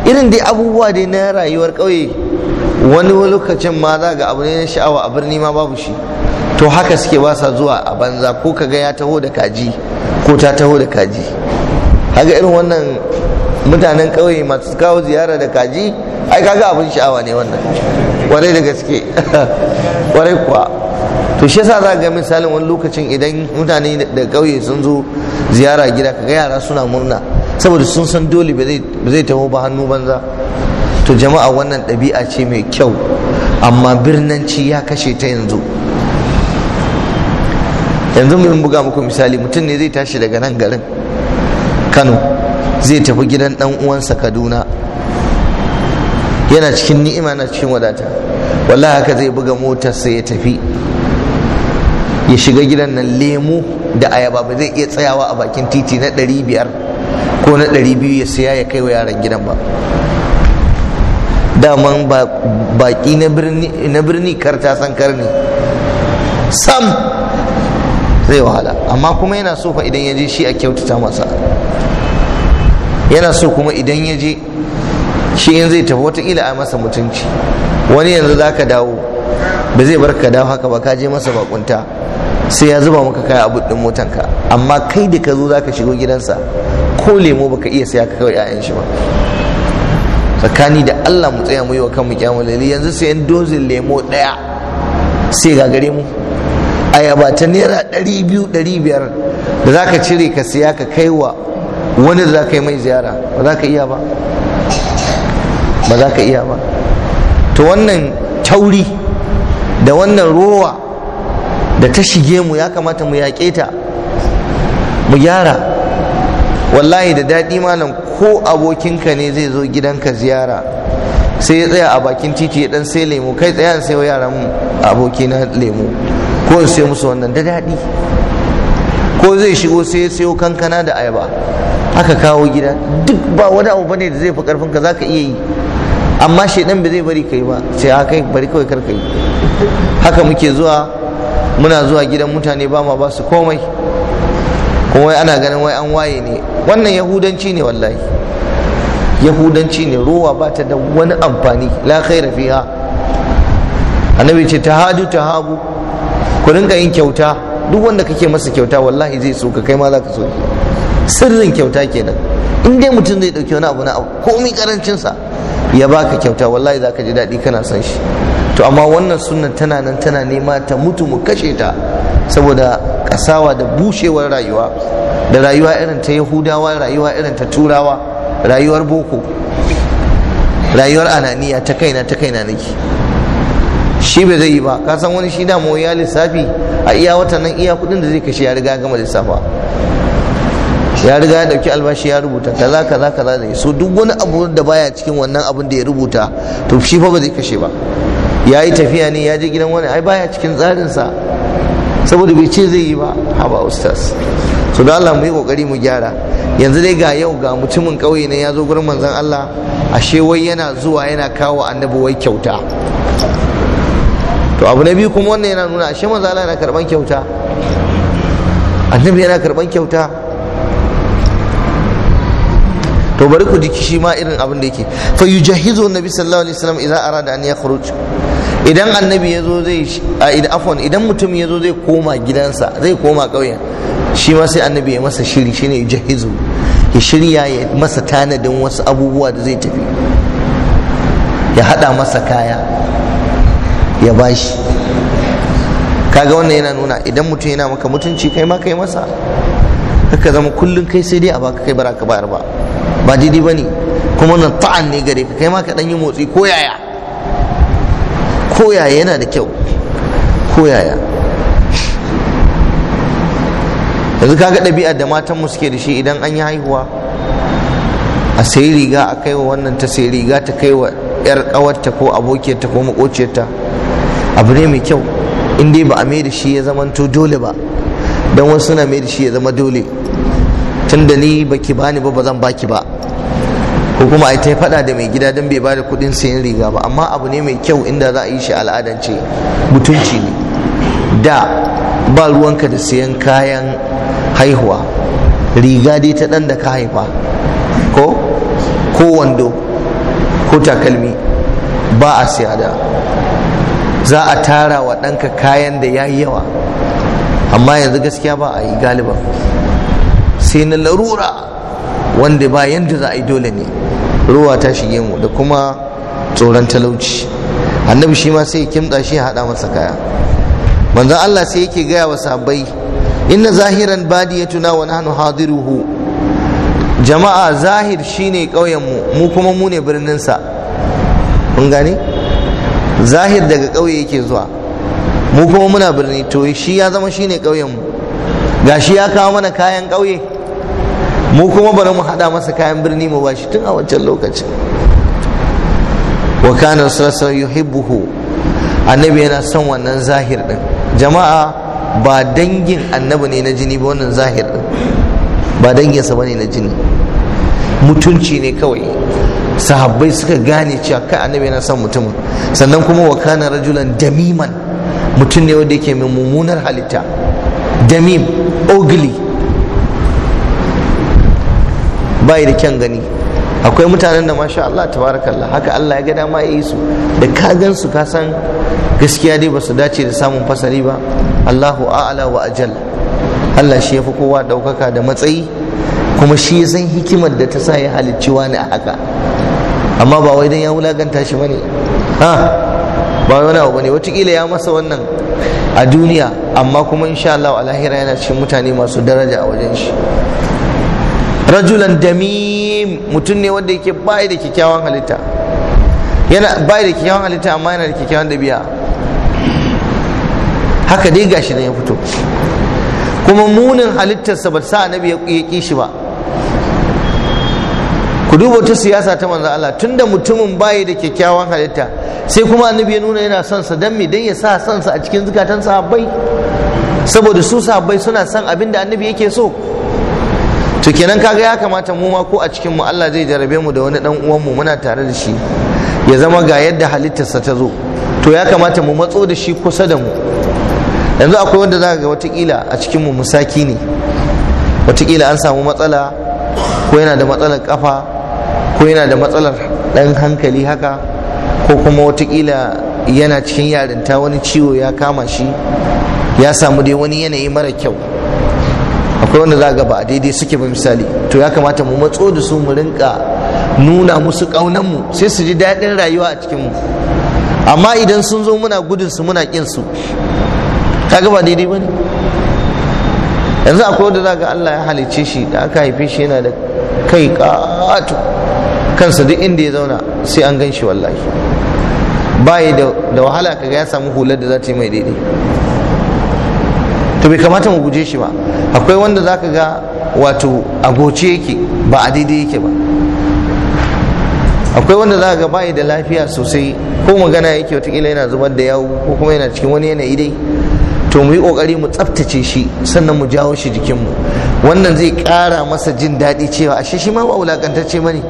irin dai abubuwa dai na rayuwar ƙauye wani lokacin ma za ga abu ne na sha'awa a birni ma babu shi to haka suke ba sa zuwa a banza ko ka ga ya taho da kaji ko ta taho da kaji haka irin wannan mutanen ƙauye masu kawo ziyara da kaji ai ga abin sha'awa ne wannan warai da gaske warai kuwa to shi yasa za ga misalin wani lokacin idan mutane da ƙauye sun zo ziyara gida kaga yara suna murna saboda sun san dole ba zai taho ba hannu banza to jama'a wannan ɗabi'a ce mai kyau amma birnanci ya kashe ta yanzu yanzu mun buga muku misali mutum ne zai tashi daga nan garin kano zai tafi gidan ɗan uwansa kaduna yana cikin ni'ima na cikin wadata wallahi haka zai buga motar sai ya tafi ya shiga gidan nan lemu da ayaba ba zai iya tsayawa a bakin titi na 500 ko na 200 ya siya ya kai wa yaran gidan ba daman baki na birni karta san karni sam zai wahala amma kuma yana so fa idan ya je shi a kyautata masa yana so kuma idan ya je shi in zai tafi wataƙila a masa mutunci wani yanzu za ka dawo ba zai bar ka dawo haka ba ka je masa bakunta sai ya zuba maka kaya a buɗin motanka amma kai da ka zo za ka shigo gidansa ko lemo baka iya saya ka kawai 'ya'yan shi ba tsakani da Allah mu tsaya mu yi wa kanmu kyamun lalle yanzu yan dozin lemo ɗaya sai ga gare mu ayaba ta naira ɗari biyu da za ka cire ka siya ka kai wa wani da za ka yi mai ziyara ba za ka iya ba ba za ka iya ba to wannan tauri da wannan rowa da ta shige mu ya kamata mu yaƙe ta mu gyara wallahi da daɗi malam ko abokinka ne zai zo gidanka ziyara sai ya tsaya a bakin titi ya dan sai lemu kai tsaya sai yaran abokina lemu ko in sai musu wannan da daɗi ko zai shigo sai ya sayo kankana da ayaba aka kawo gida duk ba wani abu bane da zai fi karfin ka zaka iya yi amma shaidan ba zai bari kai ba sai a kai bari kawai kar kai haka muke zuwa muna zuwa gidan mutane ba ma ba su komai kuma wai ana ganin wai an waye ne wannan yahudanci ne wallahi yahudanci ne ruwa ba ta da wani amfani la khaira fiha annabi ce tahadu tahabu ku rinka yin kyauta duk wanda kake masa kyauta wallahi zai so ka kai ma za ka so sirrin kyauta kenan in dai mutum zai dauki wani abu na abu komai karancin sa ya baka kyauta wallahi zaka ji daɗi kana son shi to amma wannan sunan tana nan tana nema ta mutu mu kashe ta saboda kasawa da bushewar rayuwa da rayuwa irin ta yahudawa rayuwa irin ta turawa rayuwar boko rayuwar ananiya ta kaina ta kaina nake shi bai zai yi ba ka san wani shi da ya lissafi a iya watan iya kudin da zai kashe ya riga gama lissafa ya riga ya dauki albashi ya rubuta kaza kaza kaza ne so duk wani abu da baya cikin wannan abun da ya rubuta to shi fa ba zai kashe ba ya yi tafiya ne ya je gidan wani ai baya cikin sa saboda bai ce zai yi ba haba ustaz so da Allah mu yi kokari mu gyara yanzu dai ga yau ga mutumin kauye ne ya zo gurin manzon Allah ashe wai yana zuwa yana kawo annabi wai kyauta to abu na biyu kuma wannan yana nuna ashe manzon Allah yana karban kyauta annabi yana karban kyauta to bari ku jiki shi ma irin abin da yake fa yujahizu annabi sallallahu alaihi wasallam idan arada an khuruj idan annabi yazo zai afwan idan mutum yazo zai koma gidansa zai koma ƙauyen shi ma sai annabi ya masa shiri shine yujahizu ya shirya ya masa tanadin wasu abubuwa da zai tafi ya hada masa kaya ya bashi kaga wannan yana nuna idan mutum yana maka mutunci kai ma kai masa haka zama kullum kai sai dai a baka kai bara ka bayar ba ba daidai ba ne kuma nan ta'an ne gare ka kai ma ka dan yi motsi ko yaya ko yaya yana da kyau ko yaya yanzu kaga ɗabi'a da matan mu suke da shi idan an yi haihuwa a sayi riga a kai wa wannan ta sayi riga ta kai wa yar ƙawarta ko abokiyarta ko makociyarta abu ne mai kyau in dai ba a mai da shi ya zama to dole ba don wasu suna mai da shi ya zama dole tun da ni baki bani ba ba zan baki ba ko kuma ai ta fada da mai gida don bai bada kudin sayan riga ba amma abu ne mai kyau inda za a yi shi al'adance mutunci ne da ba ruwanka da sayan kayan haihuwa riga dai ta dan da ka haifa ko ko wando ko takalmi ba a siya da za a tara wa ɗanka kayan da ya yi yawa amma yanzu gaskiya ba a yi galiban sai na larura wanda ba yanda za a yi dole ne ruwa ta shige mu da kuma tsoron talauci annabi shi ma sai ya kimta shi ya haɗa masa kaya manzan Allah sai yake gaya wa sabai inna zahiran tuna wa nahnu hadiruhu jama'a zahir shine ƙauyen mu mu kuma mu ne birnin kun gane zahir daga ƙauye yake zuwa mu kuma muna birni to shi ya zama shine ƙauyen mu gashi ya kawo mana kayan ƙauye mu kuma bari mu hada masa kayan birni mu bashi tun a wancan lokacin wa kana sallallahu yuhibbuhu annabi yana son wannan zahir din jama'a ba dangin annabi ne na jini ba wannan zahir din ba danginsa bane na jini mutunci ne kawai sahabbai suka gane cewa kai annabi yana son mutumin sannan kuma wa kana rajulan damiman mutum ne wanda yake mai mummunar halitta damim ugly bai da kyan gani akwai mutanen da masha Allah tabarakallah haka Allah ya ga dama ya yi su da ka gan su ka san gaskiya dai basu dace da samun fasali ba Allahu a'ala wa ajal Allah shi ya kowa daukaka da matsayi kuma shi ya san hikimar da ta sa ya halicci wani a haka amma ba wai dan ya wulaganta shi bane ha ba wani abu bane watakila ya masa wannan a duniya amma kuma insha Allah a lahira yana cikin mutane masu daraja a wajen shi rajulan damim mutum ne wanda yake bai da kyakkyawan halitta yana bai da kyakkyawan halitta amma yana da kyakkyawan dabi'a haka dai gashi ne ya fito kuma munin halittarsa ba sa annabi ya ƙi shi ba ku duba ta siyasa ta manzo Allah tunda mutumin bayi da kyakkyawan halitta sai kuma annabi ya nuna yana son sa dan me dan ya sa son sa a cikin zukatan sahabbai saboda su sahabbai suna son abinda da annabi yake so to kenan kaga ya kamata mu ma ko a cikin mu Allah zai jarabe mu da wani dan uwan mu muna tare da shi ya zama ga yadda halittarsa ta zo to ya kamata mu matso da shi kusa da mu yanzu akwai wanda za ga watakila a cikin mu musaki ne watakila an samu matsala ko yana da matsalar kafa ko yana da matsalar dan hankali haka ko kuma watakila yana cikin yarinta wani ciwo ya kama shi ya samu dai wani yanayi mara kyau akwai wanda za ga ba daidai suke ba misali to ya kamata mu matso da su mu rinka nuna musu kaunan mu sai su ji daɗin rayuwa a cikinmu amma idan sun zo muna gudun su muna ƙin su ka ba daidai ba yanzu akwai wanda za ga Allah ya halicce shi da aka haife shi yana da kai ƙato kansa duk inda ya zauna sai an ganshi wallahi ba da wahala kaga ya samu hular da zata yi mai daidai to bai kamata mu guje shi ba akwai wanda zaka ga wato a goce yake ba a daidai yake ba akwai wanda za ga bai da lafiya sosai ko magana yake watakila yana zubar da yawu ko kuma yana cikin wani yanayi dai to mu yi kokari mu tsaftace shi sannan mu jawo shi mu wannan zai kara masa jin daɗi cewa ashe shi ma ba wulakantacce bane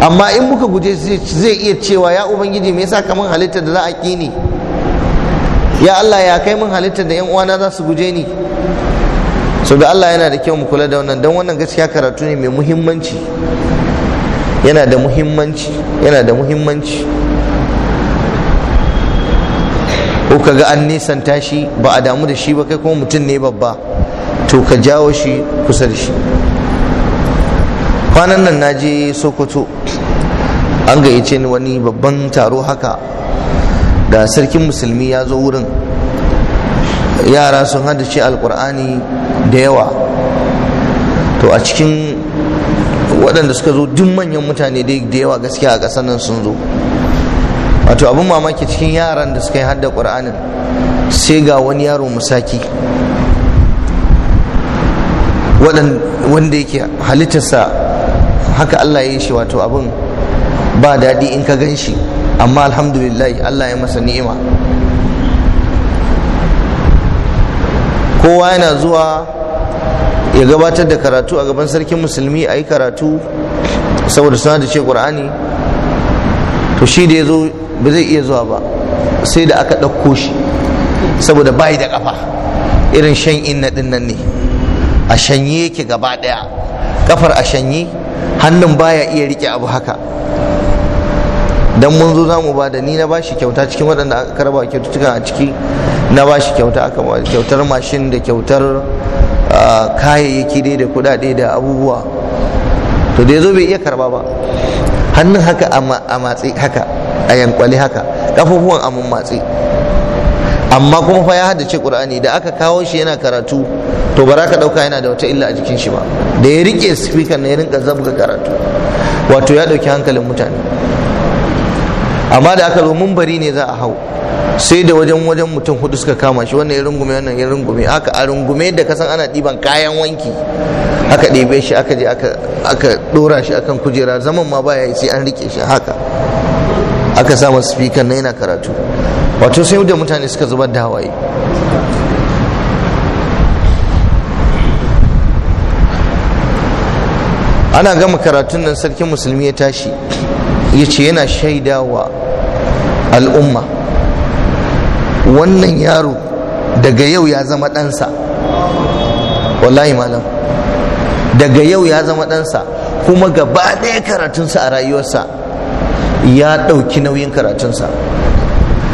amma in muka guje zai iya cewa ya ubangiji me yasa kaman halittar da za a ƙi ni ya Allah ya kai mun halittar da 'yan uwana za su guje ni so da Allah yana da kyau mu kula da wannan don wannan gaskiya karatu ne mai muhimmanci yana da muhimmanci yana da muhimmanci ko ka ga an nisanta shi ba a damu da shi ba kai kuma mutum ne babba to ka jawo shi kusa da shi kwanan nan na je sokoto an ga gayyace ni wani babban taro haka ga sarkin musulmi ya zo wurin yara sun hada ce alkur'ani da yawa to a cikin waɗanda suka zo duk manyan mutane da yawa gaskiya a ƙasar nan sun zo wato abin mamaki cikin yaran da suka yi hada ƙur'anin sai ga wani yaro musaki wanda yake halittarsa haka allah ya yi shi wato abin ba daɗi in ka gan shi amma alhamdulillah Allah ya masa ni'ima kowa yana zuwa ya gabatar da karatu a gaban sarkin musulmi a yi karatu saboda suna da ce ƙur'ani to shi da ya zo ba zai iya zuwa ba sai da aka ɗauko shi saboda bayi da ƙafa irin shan inna ɗin nan ne a shanye yake gaba ɗaya ƙafar a shanye hannun baya iya riƙe abu haka dan mun zo zamu ba da ni na bashi kyauta cikin waɗanda aka karba kyaututtuka a ciki na bashi kyauta aka ba kyautar mashin da kyautar kayayyaki dai da kuɗaɗe da abubuwa to da yazo bai iya karba ba hannun haka a matsi haka a yankwali haka kafofuwan amun matsi amma kuma fa ya haddace qur'ani da aka kawo shi yana karatu to bara ka dauka yana da wata illa a jikin shi ba da ya rike speaker na ya rinka zabga karatu wato ya dauki hankalin mutane amma da aka zo mun bari ne za a hau sai da wajen wajen mutum hudu suka kama shi wannan ya rungume wannan ya rungume haka a rungume da kasan ana ɗiban kayan wanki aka ɗebe shi aka je aka ɗora shi akan kujera zaman ma baya yi sai an rike shi haka aka sa masa na yana karatu wato sai da mutane suka zubar da hawaye ana gama karatun nan sarkin musulmi ya tashi ya ce yana shaida wa al'umma wannan yaro daga yau ya zama ɗansa wallahi malam daga yau ya zama ɗansa kuma gaba ɗaya karatunsa a rayuwarsa ya ɗauki nauyin karatunsa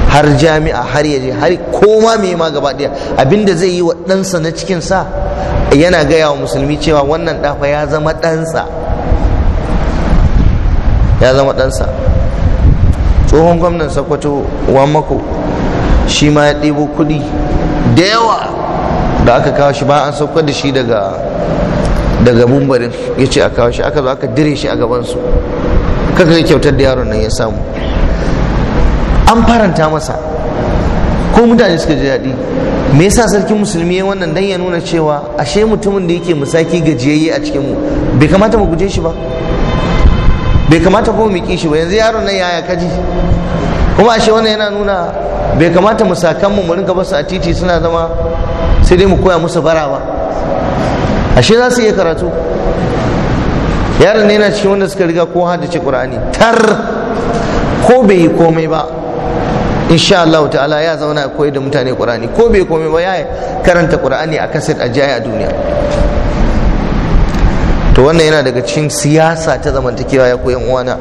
har jami'a har yaje har koma mai ma gaba ɗaya abinda zai yi wa ɗansa na cikinsa yana gaya wa musulmi cewa wannan ɗafa ya zama ɗansa ya zama ɗansa tsohon gwamnan sakwato wamako shi ma ya ɗebo kuɗi da yawa da aka kawo shi ba an sauka da shi daga daga bumbarin ya ce a kawo shi aka zo aka dire shi a gabansu kaka kyautar da yaron nan ya samu an faranta masa ko mutane suka ji daɗi me yasa sarkin musulmi ya wannan dan ya nuna cewa ashe mutumin da yake musaki gajiyayye a cikin mu bai kamata mu guje shi ba bai kamata kuma mu kishi ba yanzu yaron nan yaya kaji kuma ashe wannan yana nuna bai kamata mu sakan mu rinka basu a titi suna zama sai dai mu koya musu bara ba ashe za su iya karatu yaron ne yana cikin wanda suka riga ko ci qur'ani tar ko bai yi komai ba insha Allah ta'ala ya zauna ya koyi da mutane qur'ani ko bai komai ba ya karanta qur'ani a kaset a jaya a duniya to wannan yana daga cikin siyasa ta zamantakewa ya koyan uwana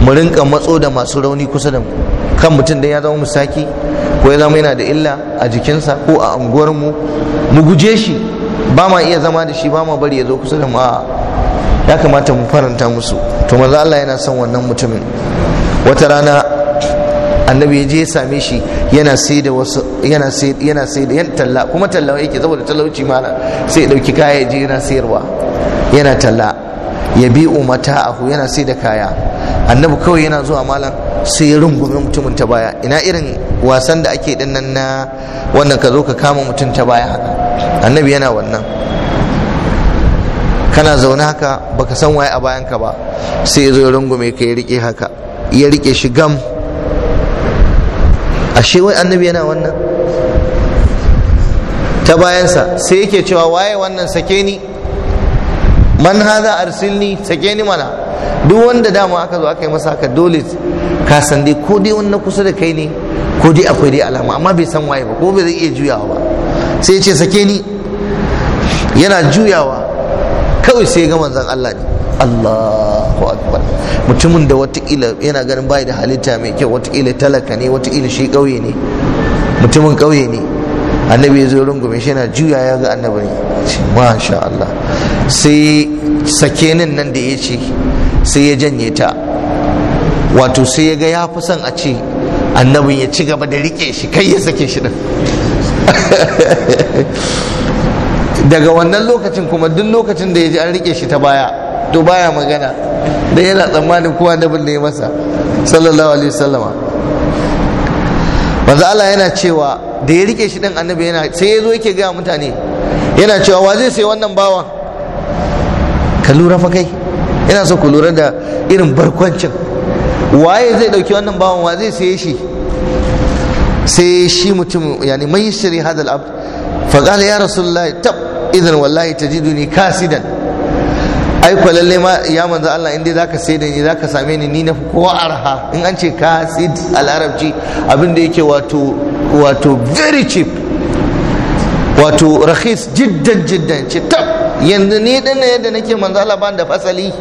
mu rinka matso da masu rauni kusa da mu kan mutum da ya zama musaki ko ya zama yana da illa a jikinsa ko a unguwarmu mu guje shi ba ma iya zama da shi ba ma bari ya zo kusa da mu ya kamata mu faranta musu to maza Allah yana son wannan mutumin wata rana annabi ya je ya same shi yana sai da wasu yana sai yana sai da yan talla kuma talla yake saboda talauci mala sai ya dauki kaya ya je yana sayarwa yana talla ya bi ahu yana sai da kaya annabi kawai yana zuwa malam sai ya rungume mutumin ta baya ina irin wasan da ake nan na wannan ka zo ka kama mutum ta baya haka annabi yana wannan kana zaune haka baka san waye a bayanka ba sai ya zo ya rungume ka ya rike haka ya rike shi gam ashe wai annabi yana wannan ta bayansa sai yake cewa waye wannan sake ni man haza arsilni sake ni mana duk wanda dama aka zo aka yi masa haka dole ka san ko dai wannan kusa da kai ne ko dai akwai dai alama amma bai san waye ba ko bai zai iya juyawa ba sai ce sake ni yana juyawa kawai sai ga manzon Allah ne Allahu akbar mutumin da watakila yana ganin bai da halitta mai kyau watakila talaka ne watakila shi ƙauye ne mutumin ƙauye ne annabi ya zo rungume shi yana juya ya ga annabi masha Allah sai sakenin nan da ya ce sai ya janye ta wato sai ya ga ya fi son a ce annabin ya ci gaba da rike shi kai ya sake shi din daga wannan lokacin kuma duk lokacin da ya ji an rike shi ta baya to baya magana da yana tsammanin kowa da ya masa sallallahu alaihi wasallama manzo Allah yana cewa da ya rike shi din annabi yana sai ya zo yake ga mutane yana cewa wa zai sai wannan bawan ka lura fa kai yana so ku lura da irin barkwancin waye zai dauki wannan bawan wa zai saye shi sai shi mutum yani mai shiri hadal abd fa qala ya rasulullah tab idan wallahi tajiduni kasidan ai lalle ma ya manzo Allah in dai zaka sai da ni zaka same ni ni na fi kowa arha in an ce ka al arabci abin da yake wato wato very cheap wato rakhis jiddan jiddan ce tab yanzu ni din ne yadda nake manzo Allah ban da fasali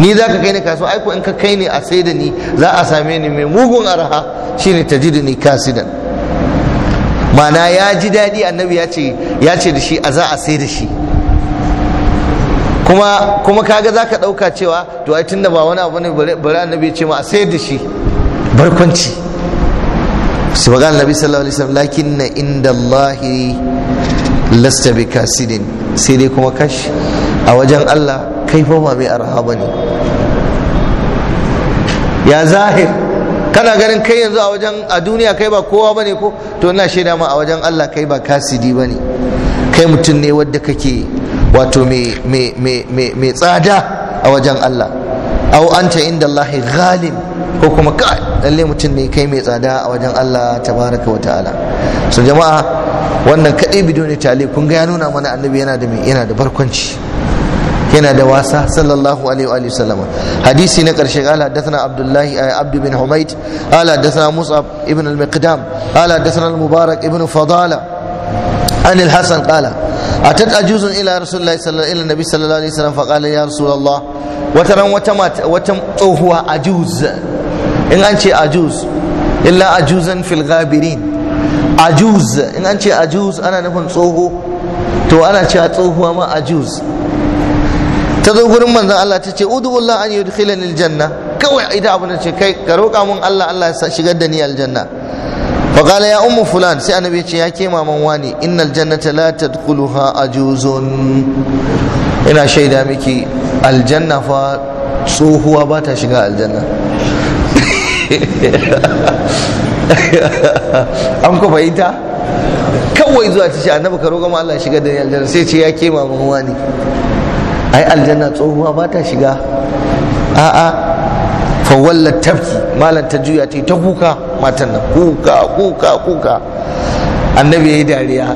ni zaka kai ni kasuwa ai ko in ka kai ni a sai da ni za a same ni mai mugun arha shine tajidni kasidan ma'ana ya ji daɗi annabi ya ce ya ce da shi a za a sai da shi kuma kuma kaga zaka dauka cewa to ai tunda ba wani abu ne bari annabi ya ce ma a sayar da shi barkwanci su baga annabi sallallahu alaihi wasallam lakinna inda allahi lasta bi kasidin sai dai kuma kashi. a wajen Allah kai fa ba mai arha bane ya zahir kana ganin kai yanzu a wajen a duniya kai ba kowa bane ko to ina shaida ma a wajen Allah kai ba kasidi bane kai mutum ne wanda kake wato mai tsada a wajen Allah au anta inda Allah ghalin ko kuma ka lalle mutum ne kai mai tsada a wajen Allah tabaraka wa ta'ala so jama'a wannan kadai bidoni tali kun ga ya nuna mana annabi yana da yana da barkwanci yana da wasa sallallahu alaihi wa sallama hadisi na karshe qala hadathana abdullahi eh, abd bin humayt qala hadathana mus'ab ibn al-miqdam qala hadathana al-mubarak ibn fadala عن الحسن قال أتت أجوز إلى رسول الله صلى الله إلى النبي صلى الله عليه وسلم فقال يا رسول الله وترى وتم وتم هو أجوز إن أنت أجوز إلا أجوزا في الغابرين أجوز إن أنت أجوز أنا نكون صوه تو أنا شا صوه ما أجوز تذكر من ذا الله تشي أدعو الله أن يدخلني الجنة كوي إذا أبنا شي كي كروك أمون الله الله شغدني الجنة فقال يا أم فلان سي أنا بيتي يا كيما مواني إن الجنة لا تدخلها أجوز إنا شيدا مكي الجنة فا tsohuwa ba ta shiga aljanna an ku fahimta kawai zuwa ta ce annabi ka roƙa Allah shiga da aljanna sai ce ya ke mamuwa ne ai aljanna tsohuwa ba ta shiga a'a fawallar tafki malam ta juya ta ta kuka matan nan kuka kuka kuka annabi ya yi dariya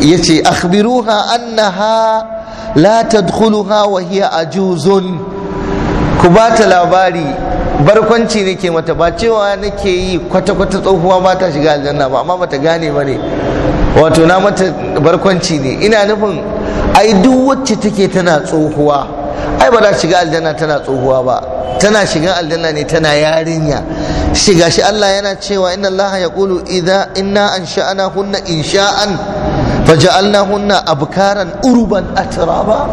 ya ce akhbiruha annaha la tadkhuluha wa hiya ajuzun ku ba ta labari barkwanci nake mata ba cewa nake yi kwata-kwata tsohuwa ba ta shiga aljanna ba amma bata gane ba ne wato na mata barkwanci ne ina nufin ai duk wacce take tana tsohuwa ai ba za ta shiga aljanna tana tsohuwa ba tana shiga aljanna ne tana yarinya shiga shi Allah yana cewa inna Allah ya kulu idza inna ansha'ana hunna insha'an faj'alna hunna abkaran uruban atraba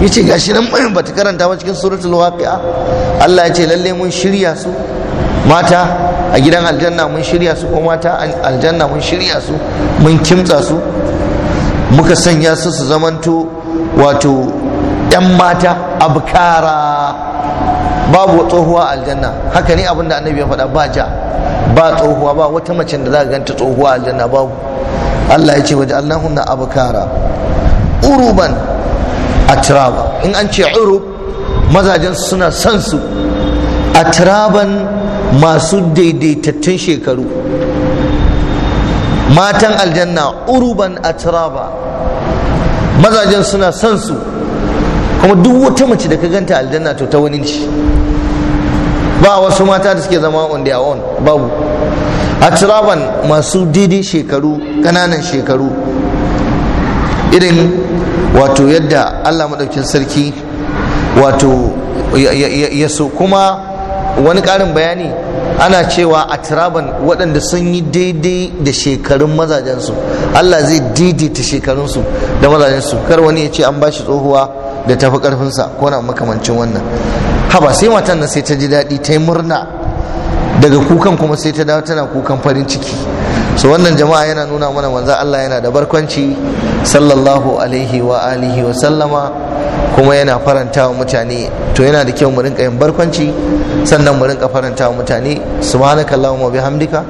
yace gashi nan bata karanta ba cikin suratul waqi'a Allah yace ce lalle mun shirya su mata a gidan aljanna mun shirya su ko mata aljanna mun shirya su mun kimtsa su muka sanya su su zamanto wato 'yan mata abkara babu tsohuwa aljanna haka ne abinda annabi ya faɗa ba ja ba tsohuwa ba wata mace da za ka ganta tsohuwa aljanna babu Allah ya ce waje Allahunna kara. uruban atraba in an ce urub mazajen suna son su atraban masu daidaitattun shekaru matan aljanna uruban atraba mazajen suna son su kuma duk wata mace da ka ganta aljanna to ta wani ce ba wasu mata da suke zama on their own babu A turaban masu daidai shekaru kananan shekaru irin wato yadda allah maɗaukin sarki wato ya so kuma wani ƙarin bayani ana cewa a tiraban waɗanda sun yi daidai da shekarun mazajensu Allah zai daidaita shekarunsu da mazajensu kar wani ya ce an bashi tsohuwa da tafi karfinsa ko na makamancin wannan haba sai matan nan sai ta ji daɗi ta yi murna daga kukan kuma sai ta dawo tana kukan farin ciki so wannan jama'a yana nuna mana manzo Allah yana da barkwanci sallallahu alaihi wa alihi wa sallama kuma yana faranta wa mutane to yana da kyau mu rinka yin barkwanci sannan mu rinka faranta wa mutane subhanaka allahumma bihamdika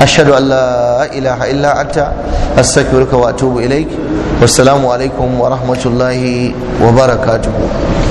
ashhadu an la ilaha illa anta astaghfiruka wa atubu ilaik wassalamu alaikum wa rahmatullahi wa barakatuh